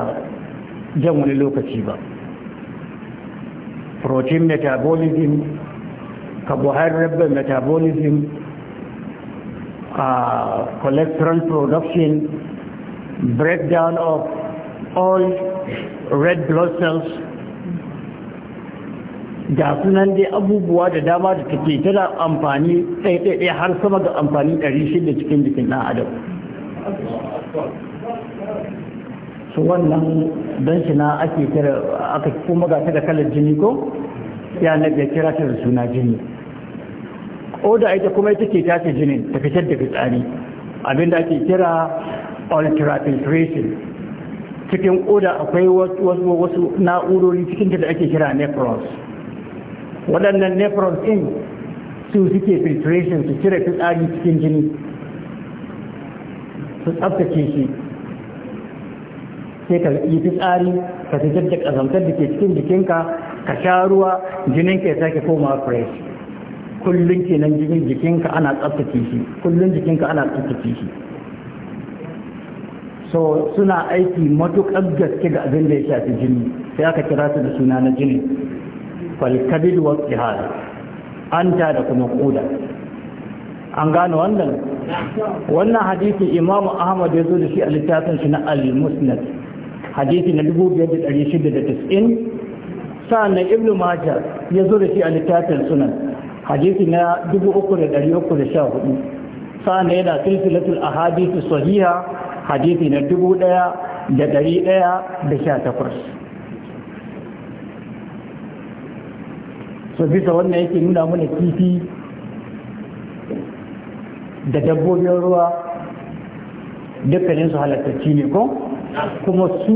jan wani lokaci ba protein metabolism carbohydrate metabolism a cholesterol production breakdown of all red blood cells ga sunan dai abubuwa da dama da take tana amfani ɗaiɗaiɗai har sama ga amfani 600 cikin jikin ɗan adam su wannan don shi na ake kira aka kuma ga ta da kalar jini ko ya na ya kira ta da suna jini ko da ita kuma ita ke tace jinin ta fitar da fitsari abinda ake kira ultrafiltration cikin koda akwai wasu na'urori cikin da ake kira nephrons waɗannan nephrons ɗin su suke filtration su cire fitsari cikin jini su tsabtace shi sai ka yi fitsari ka fitar da ƙazantar da ke cikin jikinka ka sha ruwa jininka ya sake koma fresh kullum kenan jinin jikinka ana tsabtace shi kullum jikinka ana tsabtace shi so suna aiki matuƙar gaske ga abin da ya shafi jini sai aka kira su da suna na jini falkabid wa tsihar anta da kuma kuda an gano wannan wannan hadisi imam ahmad ya zo da shi a littafin shi na al-musnad hadisi na 2690 na ibnu majah ya zo da shi a littafin sunan hadisi na 3314 na yana silsilatul ahadith sahiha hadisi na 1118 so bisa wannan yake nuna mana kifi da dabbobin ruwa dukkanin su halattacci ne ko kuma su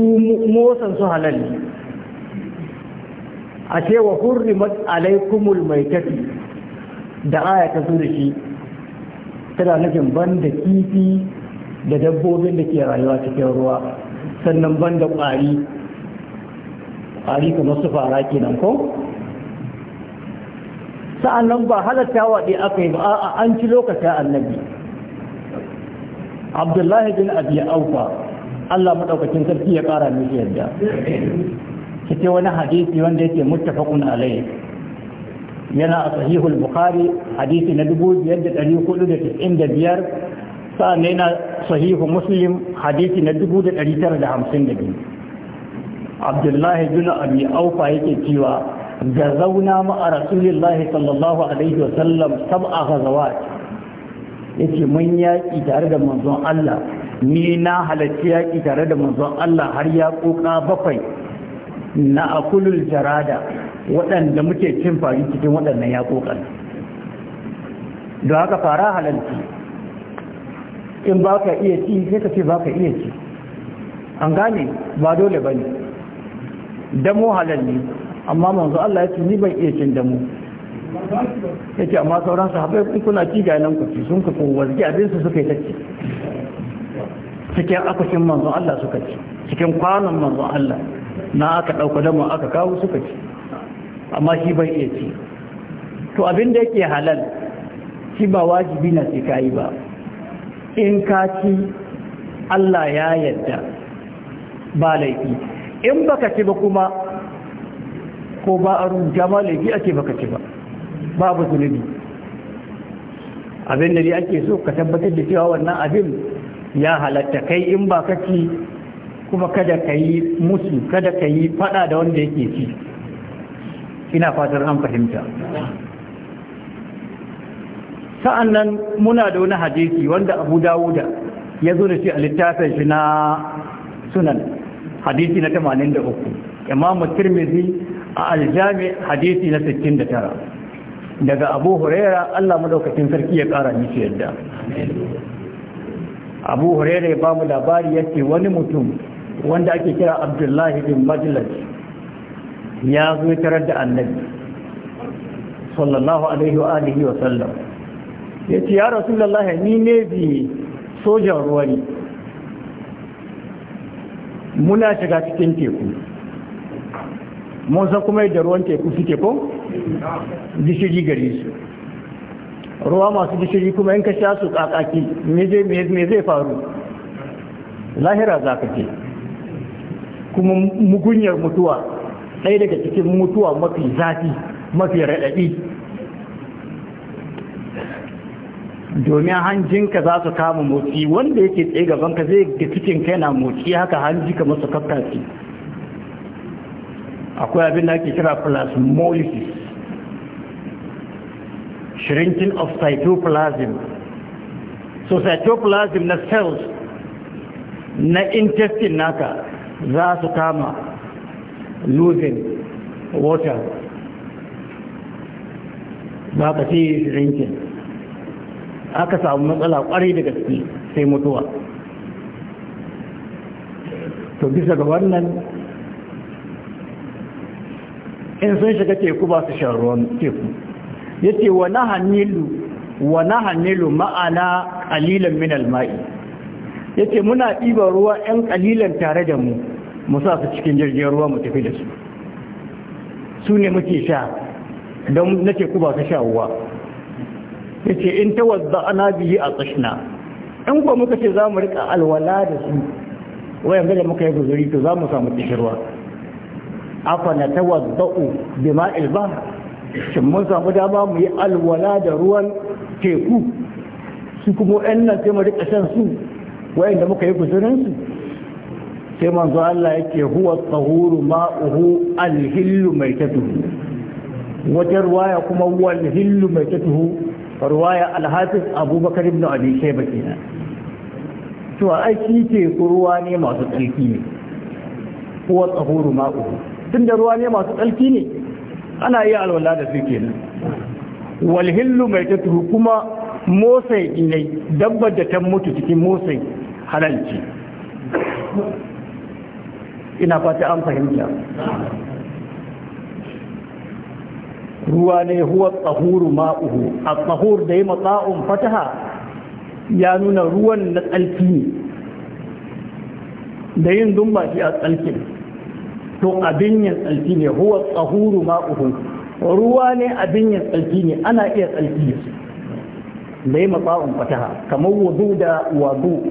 motsan su halal ne a cewa hurrimat alaikumul mai tafi da aya ta da shi tana nufin ban da kifi da dabbobin da ke rayuwa cikin ruwa sannan ban da ƙwari ƙwari kuma su fara kenan ko nan ba halatta waɗe aka yi ba a an ci lokacin annabi abdullahi bin abi aufa allah maɗaukacin sarki ya ƙara mishi yadda ce wani hadisi wanda yake muttafaqun alayhi yana a sahihul bukhari hadisi na 2495 sa'an yana sahihu muslim hadisi na biyu. abdullahi bin abi aufa yake cewa da zauna ma'a rasulillahi sallallahu alaihi wa sallam sab'a ghazawat yace mun yaƙi tare da manzon Allah ni na halarci yaƙi tare da manzon Allah har ya koka bakwai na akulul jarada waɗanda muke cin fari cikin waɗannan ya kokan don haka fara halarci in ba ka iya ci sai ka ce ba ka iya ci an gane ba dole ba ne damo halal ne amma manzo Allah ya ce ni ban iya cin damu ya ce amma sauran sahabai in kuna ci ga nan ku ci sun ku ko wargi abin su suka yi tacci cikin akwashin manzo Allah suka ci cikin kwanon manzo Allah na aka dauka damu aka kawo suka ci amma shi ban iya ci to abin da yake halal shi ba wajibi na sai kai ba in ka ci Allah ya yadda ba laifi in baka ci ba kuma ko ba a rubuta ma laifi ake baka ci ba babu zunubi abin da ne ake so ka tabbatar da cewa wannan abin ya halatta kai in ba ka ci kuma kada ka yi musu kada ka yi fada da wanda yake ci ina fatar an fahimta sa'an nan muna da wani hadisi wanda abu dawuda ya zo da shi a littafin shi na sunan hadisi na 83 imamu tirmidhi a aljami hadisi na 69 daga abu huraira allah madaukakin sarki ya kara mishi yadda abu huraira ya mu labari ya ce wani mutum wanda ake kira abdullahi bin Majlis, ya zo tarar da annabi sallallahu alaihi wa alihi wa sallam ya ce ya rasulallah ni ne bi sojan ruwa muna shiga cikin teku mun san kuma yadda ruwan teku suke ko gishiri gari su ruwa masu gishiri kuma in ka sha su kakaki me zai faru lahira za ka ce kuma mugunyar mutuwa ɗaya daga cikin mutuwa mafi zafi mafi raɗaɗi domin hanjinka za su kama motsi wanda yake tsaye ka zai ga kai na motsi haka hanji kamar su kakkaci akwai abin da ake kira plasmolysis shrinking of cytoplasm so cytoplasm na cells na intestine naka za su kama losing water ba ka ce shrinking aka samu matsala kwarai da gaske sai mutuwa to bisa ga wannan in sun shiga teku ba su shan teku ya ce wa na hannilu wa hannilu ma'ana ƙalilan min alma'i ya ce muna ɗiba ruwa 'yan kalilan tare da mu mu su cikin jirgin ruwa mu tafi da su su ne muke sha don na teku ba su sha ya ce in ta wadda ana biyi a tsashina in kuwa muka ce za mu riƙa alwala da su wayan gada muka yi guzuri to za mu samu tashirwa afa na tawadda'u bima ilba shin mun samu dama mu yi alwala da ruwan teku su kuma 'yan nan sai mu rika shan su wayanda muka yi guzurin su sai manzo Allah yake huwa tsahuru ma'uhu alhillu mai tatuhu wata ruwaya kuma wal hillu mai tatuhu ruwaya alhafiz abubakar ibn abi shayba kenan to ai shi ke ruwa ne masu tsarki ne huwa tsahuru ma'uhu Tunda ruwa ne masu tsalki ne ana iya alwala da su kenan walhillu mai tattuhu kuma motsai ne dabbar da ta mutu cikin motsai halalci ina fata an fahimta ruwa ne huwa tsahuru ma'uhu a tsahur da yi matsa'un fataha ya nuna ruwan na tsalki ne da yin zumba shi a tsalkin to abin yin tsalki ne huwa tsahuru uhun. ruwa ne abin yin tsalki ne ana iya tsalki da su da yi matsawon fataha kamar wudu da wadu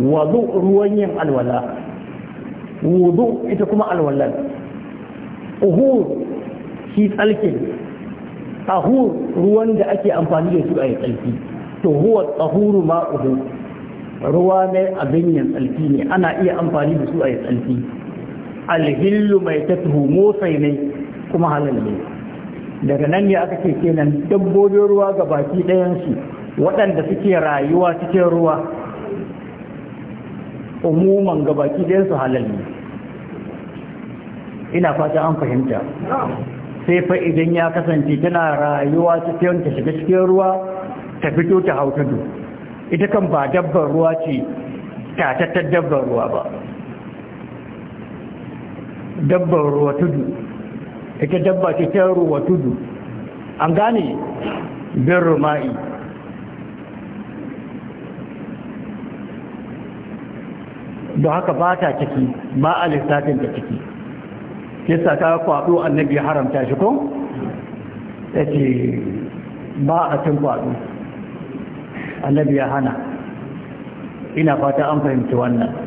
wadu ruwan yin alwala wudu ita kuma alwalan uhur shi tsalkin ahur ruwan da ake amfani da su a yi tsalki to huwa tsahuru uhu ruwa ne abin yin tsalki ne ana iya amfani da su a yi tsalki alhillu mai tatuhu motsai ne kuma halal ne daga nan ne aka ce kenan dabbobin ruwa ga baki ɗayansu waɗanda suke rayuwa cikin ruwa umuman ga baki ɗayansu halal ne ina fata an fahimta sai fa idan ya kasance tana rayuwa cikin ta shiga cikin ruwa ta fito ta hautado ita kan ba dabbar ruwa ce ta tattar dabbar ruwa ba dabbar ruwa tudu ita dabba ce ta ruwa tudu an gane bin ruma'i don haka ba ta ciki ba a lissafin ta ciki kisa ta kwado annabi haramta shi ko? ya ce ba a cin kwado annabi ya hana ina fata an fahimci wannan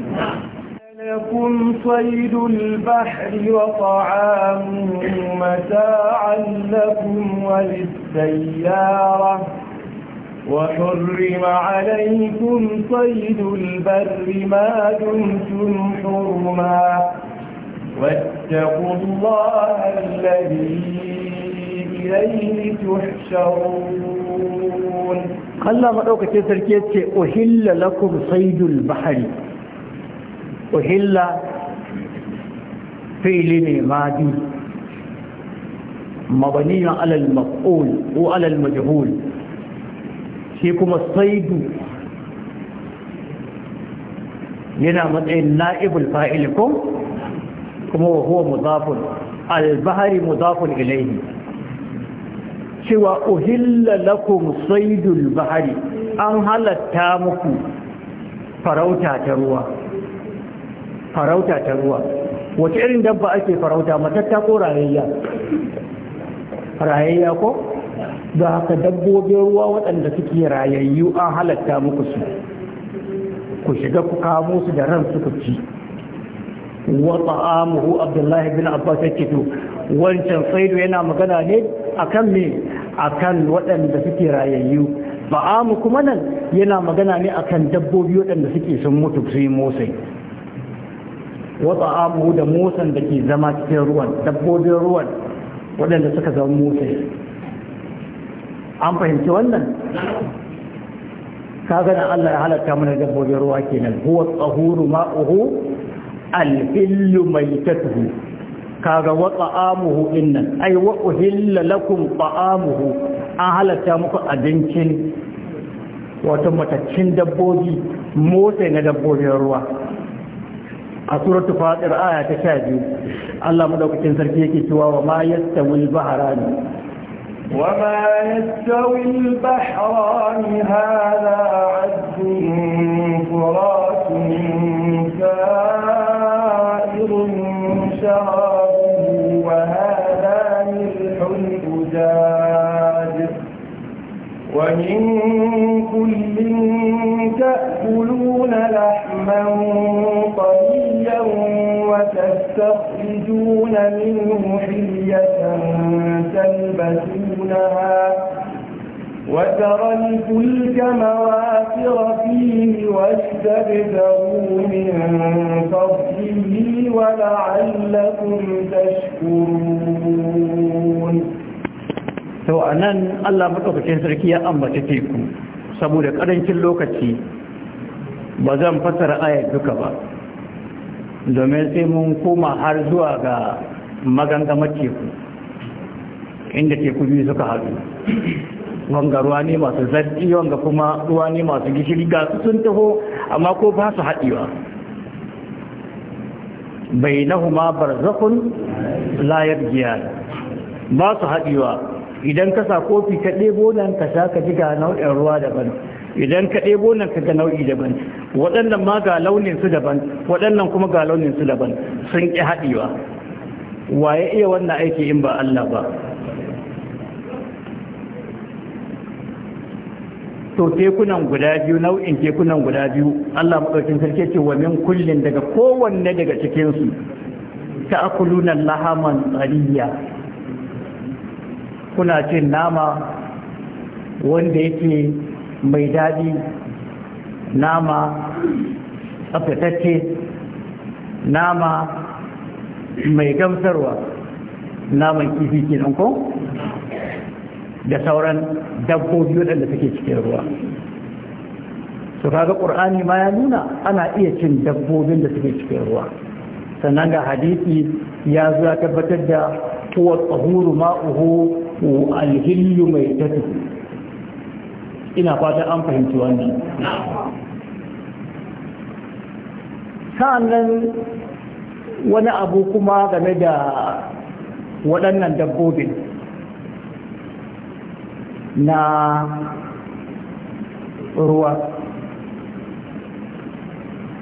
لكم صيد البحر وطعامه متاعا لكم وللسيارة وحرم عليكم صيد البر ما دمتم حرما واتقوا الله الذي إليه تحشرون
الله أوكي تركيتك أهل لكم صيد البحر uhilla fi'li ne madi mabani ala al-maf'ul ko ala al-majhul shi kuma saidu yana matsayin na'ibul fa'il ko kuma huwa mudafun al-bahri mudafun ilayhi cewa uhilla lakum saydul bahri an halatta muku farauta ta ruwa farauta ta ruwa wace irin dabba ake farauta matatta ko rayayya rayayya ko da haka dabbobin ruwa waɗanda suke rayayyu an halatta muku su ku shiga ku kamo su da ran ku ci wa ta'amuhu abdullahi bin abbas yake to wancan saido yana magana ne akan me akan waɗanda suke rayayyu ba'amu kuma nan yana magana ne akan dabbobi waɗanda suke sun mutu su yi motsai wata abu da motsan da ke zama cikin ruwan dabbobin ruwan waɗanda suka zama musai an fahimci wannan Ka gana Allah ya halatta mana dabbobin ruwa kenan huwa tsahuru ma'uhu mai maitatuhu kaga wa ta'amuhu innan ai wa uhilla lakum ta'amuhu an halatta muku abincin wato matacin dabbobi motsa na dabbobin ruwa a suratul fatir aya ta 12 Allah madaukakin sarki yake cewa wa ma yastawil bahrani
وما يستوي البحران هذا عذب فرات سائر شرابه وهذا ملح أجاج ومن كل تأكلون لحما تخرجون منه حلية تلبسونها وترى الفلك مواخر فيه واستبدروا من فضله ولعلكم تشكرون
to a nan allah maɗaukacin sarki ya ambaci teku saboda ƙarancin lokaci ba zan fasara duka ba domin sai mun koma har zuwa ga magangamar teku inda teku biyu suka haɗu wanga ruwa ne masu zarti wanga kuma ruwa ne masu gishiri ga su sun taho amma ko ba su haɗewa bai na huma barzakun layar giya ba su haɗewa idan ka sa kofi ka ɗebo nan ka sha ka ji ga nau'in ruwa daban idan ka ɗebo nan ka ga nau'i daban waɗannan ma ga launin su daban waɗannan kuma ga launin su daban sun ƙi haɗewa wa ya iya wannan aiki in ba Allah ba to tekunan guda biyu nau'in tekunan guda biyu Allah maɗaukin sarki ce wa min kullin daga kowanne daga cikinsu ta akuluna lahaman tsariya kuna cin nama wanda yake mai daɗi nama tsaftatacce nama mai gamsarwa naman kifi kenan ko da sauran dabbobi waɗanda suke cikin ruwa su kaga ƙur'ani ma ya nuna ana iya cin dabbobin da suke cikin ruwa sannan ga hadisi ya zuwa tabbatar da kowa tsahuru ma'uhu alhillu mai tafi ina fata an fahimci wannan sa'annan wani abu kuma game da waɗannan dabbobin na ruwa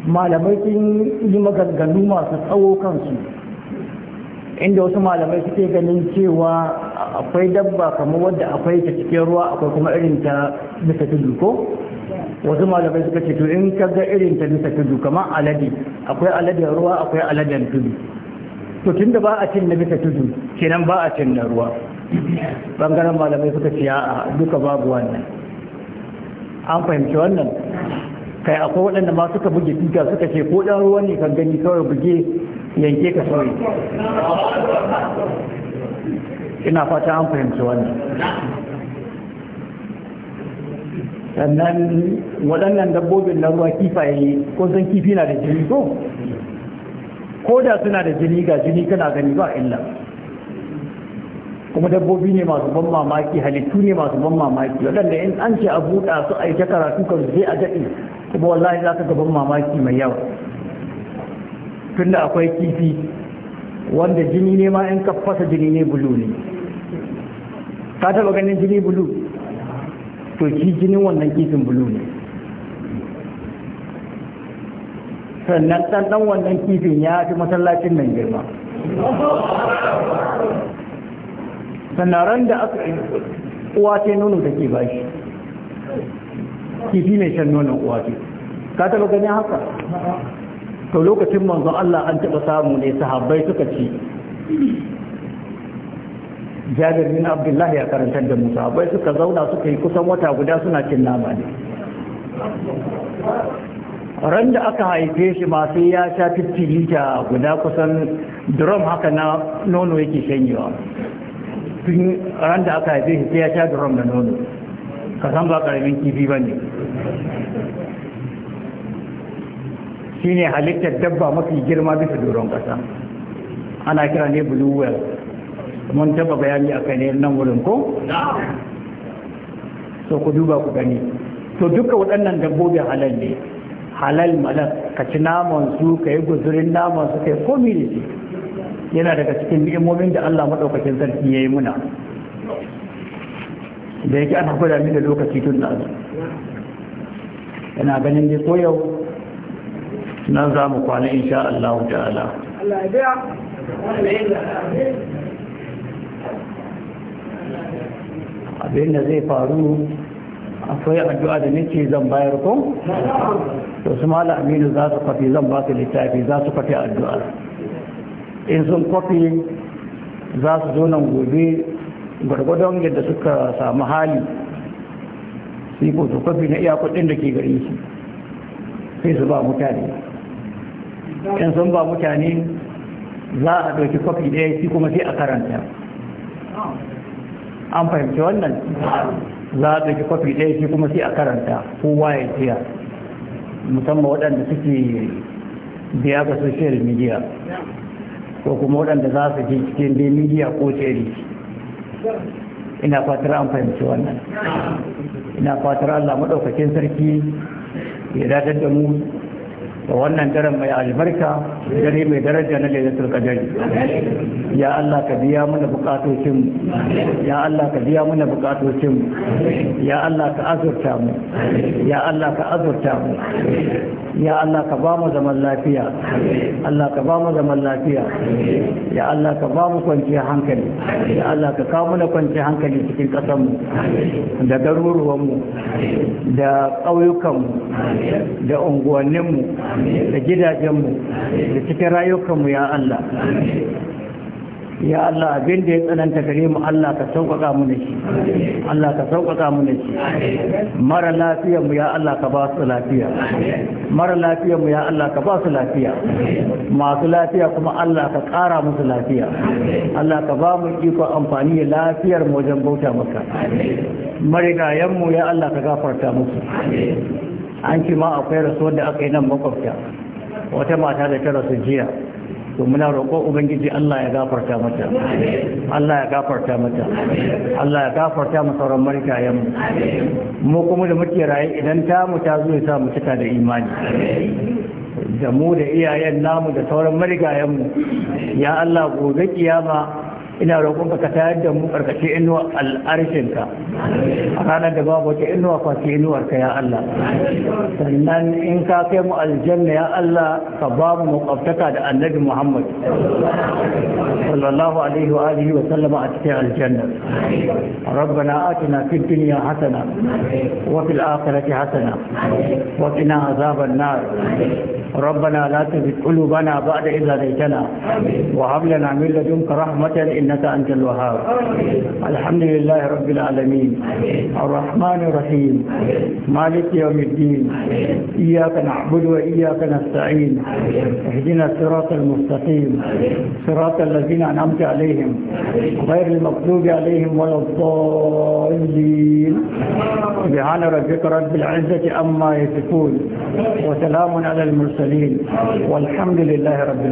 malamai sun yi maganganu masu tsawo kansu inda wasu malamai suke ganin cewa akwai dabba kamar wadda akwai ta cikin ruwa akwai kuma irin ta bisa tudu ko wasu malamai suka ce to in ka ga irin ta bisa tudu kamar alade akwai alade ruwa akwai aladen tudu to tun da ba a cin na bisa tudu kenan ba a cin na ruwa bangaren malamai suka ce a duka babu wannan an fahimci wannan kai akwai waɗanda ma suka buge tuka suka ce ko ɗan ruwa ne kan gani kawai buge yanke ka sauri
ina fata an fahimci wannan
sannan waɗannan dabbobin na ruwa kifaye ko san kifi na da jini ko ko da suna da jini ga jini kana gani ba illa kuma dabbobi ne masu ban mamaki halittu ne masu ban mamaki waɗanda in an ce a buɗa su a yi ta karatu kan zai a daɗe kuma wallahi za ka ga ban mamaki mai yawa tunda akwai kifi wanda jini ne ma in ka fasa jini ne bulu ne ka taba ganin jini bulu to shi jinin wannan kifin bulu ne sannan ɗanɗan wannan kifin ya fi masallacin nan girma sannan ran da aka uwa ce nono take ba shi kifi mai shan nonon uwa ce ka taba ganin haka to lokacin manzon Allah an taɓa samu ne sahabbai suka ci jabir bin abdullahi ya karantar da musa bai suka zauna suka yi kusan wata guda suna cin nama ne ran da aka haife shi ma sai ya sha ta guda kusan drum haka na nono yake shanyewa tun ran da aka haife shi sai ya sha drum da nono ka san ba karamin kifi ba ne shine halittar dabba mafi girma bisa doron ƙasa ana kira ne blue whale mun taba bayani a ne nan wurin ko so ku duba ku gani to duka waɗannan dabbobin halal ne halal malar ka ci naman su ka yi guzurin naman su ka yi komi da
shi
yana daga cikin ni'imomin da Allah maɗaukakin sarki ya yi muna da yake an haƙura min da lokaci tun da Yana ganin ne ko yau nan za mu kwana insha Allah ta'ala abin da zai faru akwai addu'a da nake zan bayar ku? to su mala aminu za su kwafi zan ba su littafi za su kwafi addu'a in sun kwafi za su zo nan gobe gwargwadon yadda suka samu hali su yi kwafi na iya kudin da ke gari su sai su ba mutane Yan sun ba mutane za a ɗauki kwafi ɗaya shi kuma sai a karanta an fahimci wannan za a ɗauki kwafi ɗaya shi kuma sai a karanta kowa ya tsaya musamman waɗanda suke biya ga social media ko kuma waɗanda za su je cikin dai media ko tsari ina fatar an fahimci wannan ina fatar allah maɗaukakin sarki ya datar da mu da wannan daren mai albarka dare mai daraja na lailatul qadari ya Allah ka biya mana bukatocin ya Allah ka biya mana bukatocin ya Allah ka azurta mu ya Allah ka azurta mu ya Allah ka ba mu zaman lafiya Allah ka ba mu zaman lafiya ya Allah ka ba mu kwanciyar hankali ya Allah ka kawo mana kwanciyar hankali cikin kasar mu da garuruwan mu da ƙauyukan mu da unguwannin mu da gidajenmu da cikin rayukanmu ya Allah ya Allah abin da ya tsananta gare mu Allah ka sauƙaƙa mu shi Allah ka sauƙaƙa mu shi mara lafiyar mu ya Allah ka ba su lafiya mara lafiyar mu ya Allah ka ba su lafiya masu lafiya kuma Allah ka ƙara musu lafiya Allah ka ba mu iko amfani da lafiyar mu wajen bauta maka marigayen mu ya Allah ka gafarta musu an ce ma akwai rasuwar da aka yi nan makwabta wata mata da ta rasu jiya to muna roƙo ubangiji Allah ya gafarta mata Allah ya gafarta mata Allah ya gafarta mu sauran marka mu mu kuma da muke raye idan ta mu ta zo ya mu cika da imani da mu da iyayen namu da sauran marigayen mu ya Allah gobe kiyama ina roƙon ka tayar da mu karkashi inuwa al'arshinka a ranar da babu wata inuwa kwace ka ya Allah sannan in ka kai mu aljanna ya Allah ka ba mu makwabtaka da annabi Muhammad sallallahu alaihi wa alihi wa sallama a cikin aljanna rabbana atina ربنا dunya hasana wa fil akhirati hasana wa qina azaban nar ربنا لا تزغ قلوبنا بعد إذ هديتنا وهب لنا من لدنك رحمة إن إنك أنت الوهاب الحمد لله رب العالمين الرحمن الرحيم مالك يوم الدين إياك نعبد وإياك نستعين اهدنا الصراط المستقيم صراط الذين أنعمت عليهم غير المغضوب عليهم ولا الضالين سبحان ربك رب العزة أما يصفون وسلام على المرسلين والحمد لله رب العالمين